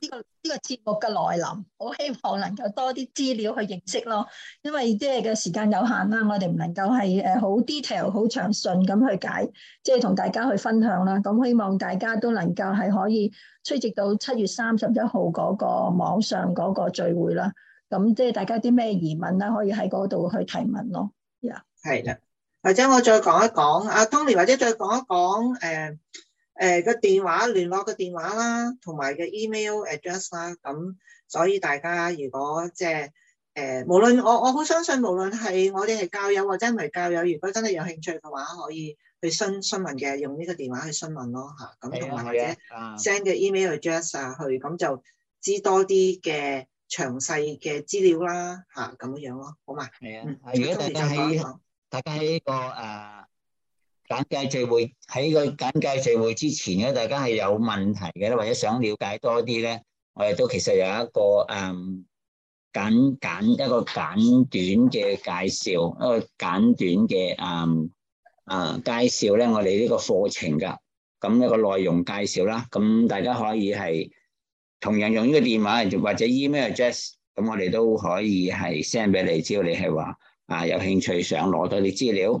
呢個呢個節目嘅來臨，我希望能夠多啲資料去認識咯，因為即係嘅時間有限啦，我哋唔能夠係誒好 detail、好詳盡咁去解，即係同大家去分享啦。咁希望大家都能夠係可以追蹤到七月三十一號嗰個網上嗰個聚會啦。咁即係大家啲咩疑問啦，可以喺嗰度去提問咯。呀，係啦，或者我再講一講阿 Tony，或者再講一講誒。誒個、呃、電話聯絡個電話啦，同埋個 email address 啦，咁所以大家如果即係誒，無論我我好相信無論，無論係我哋係教友或者唔係教友，如果真係有興趣嘅話，可以去詢詢問嘅，用呢個電話去詢問咯嚇。咁同埋或者 send 嘅 email address 啊去，咁就知多啲嘅詳細嘅資料啦嚇，咁、啊、樣樣、啊、咯，好嘛？係啊，如果大家喺、嗯、大家喺、呢個誒。啊簡介聚會喺個簡介聚會之前咧，大家係有問題嘅咧，或者想了解多啲咧，我哋都其實有一個誒簡簡一個簡短嘅介紹，一個簡短嘅誒誒介紹咧，我哋呢個課程噶，咁一個內容介紹啦，咁大家可以係同樣用呢個電話或者 email address，咁我哋都可以係 send 俾你，只要你係話啊有興趣想攞到啲資料。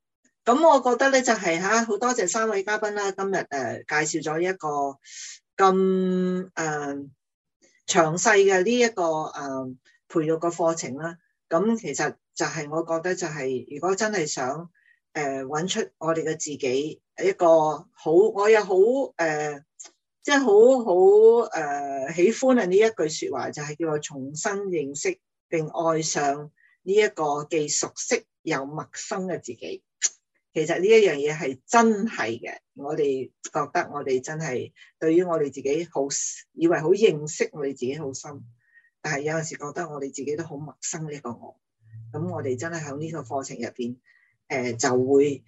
咁我覺得咧就係吓，好多謝三位嘉賓啦，今日誒介紹咗一個咁誒詳細嘅呢一個誒培育嘅課程啦。咁其實就係我覺得就係如果真係想誒搵出我哋嘅自己，一個好我又好誒，即係好好誒喜歡嘅呢一句說話，就係叫做重新認識並愛上呢一個既熟悉又陌生嘅自己。其實呢一樣嘢係真係嘅，我哋覺得我哋真係對於我哋自己好以為好認識我哋自己好深，但係有陣時覺得我哋自己都好陌生呢一個我。咁我哋真係喺呢個課程入邊，誒就會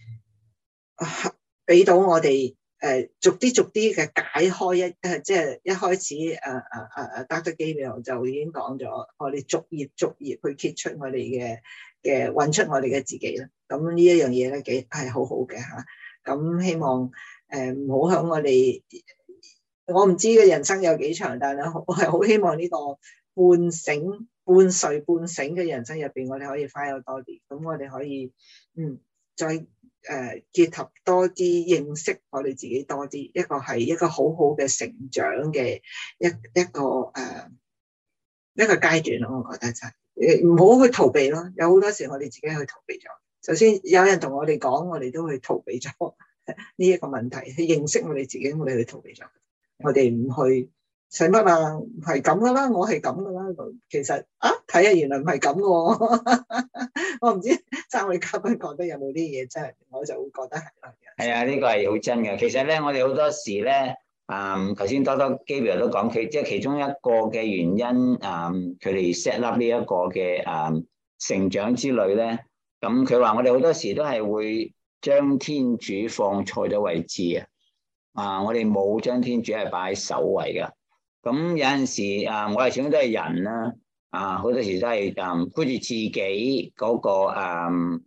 俾到我哋誒逐啲逐啲嘅解開一即係、就是、一開始誒誒誒誒 Dr. g 就已經講咗，我哋逐頁逐頁去揭出我哋嘅。嘅揾出我哋嘅自己啦，咁呢一樣嘢咧幾係好好嘅嚇。咁希望誒唔好響我哋，我唔知嘅人生有幾長，但係我係好希望呢個半醒半睡半醒嘅人生入面，我哋可以翻悠多啲。咁我哋可以嗯再誒結合多啲認識我哋自己多啲，一個係一個好好嘅成長嘅一一個、呃、一個階段咯，我覺得真、就係。誒，唔好去逃避咯。有好多時我哋自己去逃避咗。首先有人同我哋講，我哋都去逃避咗呢一個問題。去認識我哋自己，我哋去逃避咗。我哋唔去，使乜？唔係咁噶啦。我係咁噶啦。其實啊，睇下原來唔係咁噶。我唔知三位嘉賓覺得有冇啲嘢，真，我就會覺得係。係啊，呢個係好真嘅。其實咧，我哋好多時咧。誒，頭先、嗯、多多基比都講佢即係其中一個嘅原因，誒、嗯，佢哋 set up 呢一個嘅誒、嗯、成長之類咧。咁佢話我哋好多時都係會將天主放錯咗位置啊！啊，我哋冇將天主係擺喺首位噶。咁有陣時，誒，我哋始終都係人啦，啊，好多時都係誒顧住自己嗰個誒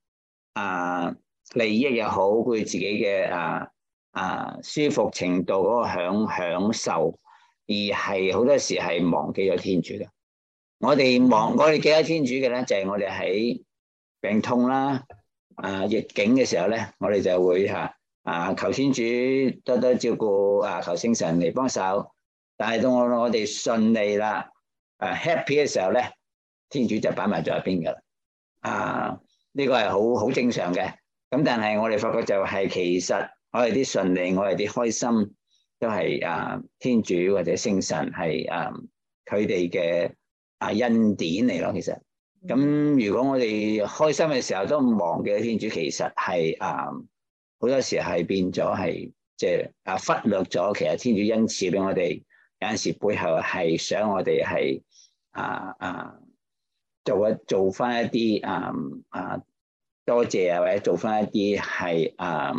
誒利益又好，顧住自己嘅誒。啊，舒服程度嗰個享享受，而係好多時係忘記咗天主嘅。我哋忘我哋記得天主嘅咧，就係我哋喺病痛啦，啊逆境嘅時候咧，我哋就會吓啊，啊求天主多多照顧，啊求聖神嚟幫手。但係到我我哋順利啦，啊 happy 嘅時候咧，天主就擺埋在一邊噶啦。啊，呢個係好好正常嘅。咁但係我哋發覺就係其實。我哋啲順利，我哋啲開心，都係啊！天主或者聖神係啊，佢哋嘅啊恩典嚟咯。其實，咁如果我哋開心嘅時候都唔忘記天主，其實係啊，好多時係變咗係即係啊，忽略咗其實天主恩賜俾我哋。有陣時背後係想我哋係啊啊做，一做一啲啊做翻一啲啊啊多謝啊，或者做翻一啲係啊。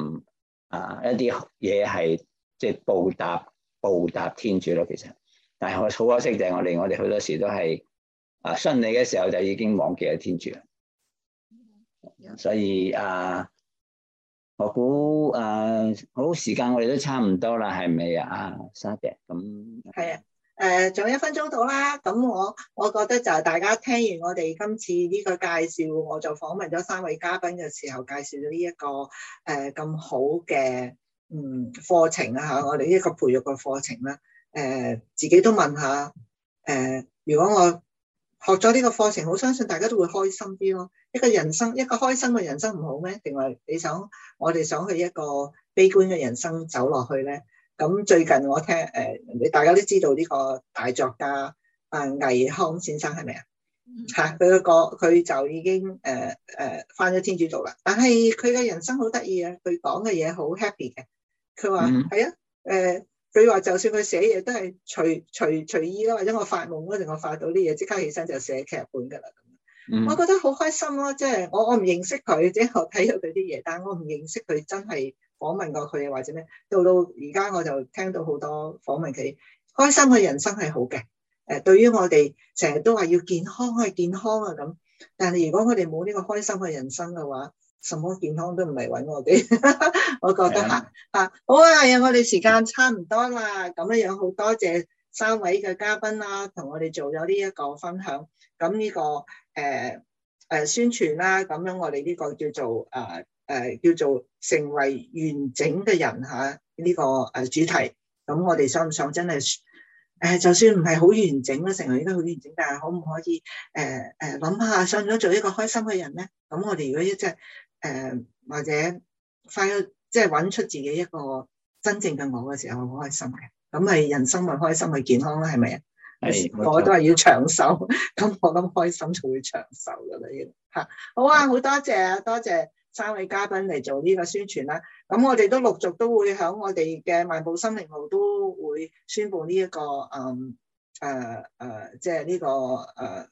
啊！一啲嘢，係即係報答報答天主咯，其實，但係我好可惜就係我哋，我哋好多時候都係啊順利嘅時候就已經忘記咗天主啦，所以啊，我估啊，好時間我哋都差唔多啦，係咪啊？Sorry，咁係啊。誒，仲、呃、有一分鐘到啦，咁我我覺得就係大家聽完我哋今次呢個介紹，我就訪問咗三位嘉賓嘅時候，介紹咗呢一個誒咁、呃、好嘅嗯課程啊吓，我哋呢個培育嘅課程啦，誒、呃、自己都問下，誒、呃、如果我學咗呢個課程，好相信大家都會開心啲咯，一個人生一個開心嘅人生唔好咩？定係你想我哋想去一個悲觀嘅人生走落去咧？咁最近我聽誒，你、呃、大家都知道呢個大作家啊魏康先生係咪啊？吓，佢個佢就已經誒誒、呃呃、翻咗天主道啦。但係佢嘅人生好得意啊，佢講嘅嘢好 happy 嘅。佢話係啊，誒，佢話就算佢寫嘢都係隨隨隨意咯，或者我發夢嗰陣我發到啲嘢，即刻起身就寫劇本噶啦。Mm hmm. 我覺得好開心咯，即係我我唔認識佢，即係我睇到佢啲嘢，但係我唔認識佢真係。訪問過佢啊，或者咩，到到而家我就聽到好多訪問佢，開心嘅人生係好嘅。誒，對於我哋成日都話要健康去健康啊咁。但係如果我哋冇呢個開心嘅人生嘅話，什麼健康都唔係搵我哋。 我覺得吓的啊，好啊，有我哋時間差唔多啦。咁樣有好多謝三位嘅嘉賓啦、啊，同我哋做咗呢一個分享。咁呢、這個誒誒、呃呃、宣傳啦、啊，咁樣我哋呢個叫做誒。呃誒、呃，叫做成為完整嘅人吓，呢、啊這個誒、啊、主題。咁我哋想唔想真係誒、呃，就算唔係好完整啦，成為亦都好完整。但係可唔可以誒誒諗下，想唔想做一個開心嘅人咧？咁我哋如果一即係誒或者快即係搵出自己一個真正嘅我嘅時候，好開心嘅。咁係人生咪開心咪健康啦，係咪啊？我都係要長壽，咁我諗開心就會長壽噶啦。吓、啊，好啊，好多謝，多謝。三位嘉賓嚟做呢個宣傳啦，咁我哋都陸續都會響我哋嘅漫步森林號都會宣佈呢一個嗯誒誒，即係呢個誒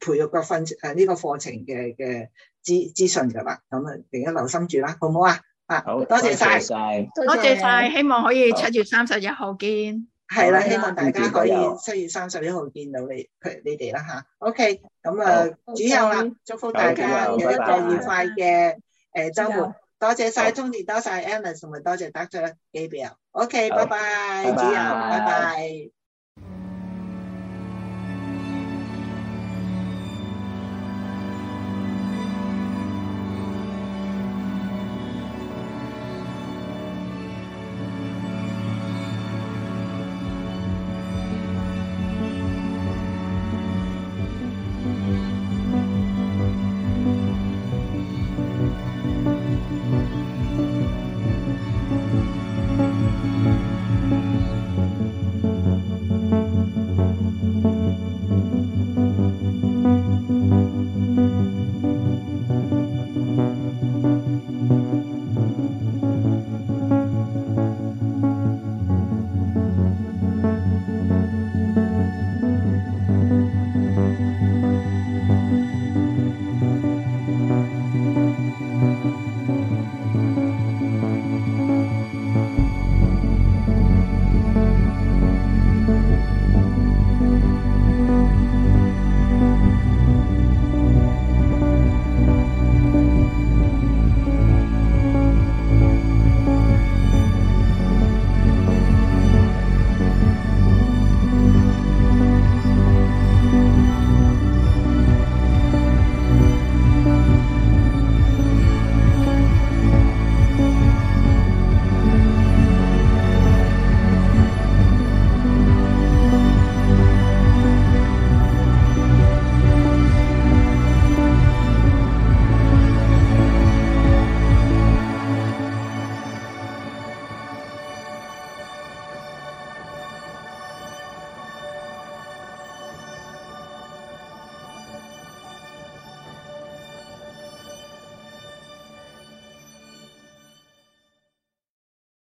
培育個訓誒呢個課程嘅嘅資資訊㗎啦，咁啊大家留心住啦，好唔好啊？啊，多謝晒！多謝晒！希望可以七月三十一號見。係啦，希望大家可以七月三十一號見到你佢你哋啦嚇。OK，咁啊，主任啦，祝福大家有一個愉快嘅。誒，周末多謝晒中電，多謝 Annis 同埋多謝 Doctor Gabriel，OK，拜拜，自由，拜拜。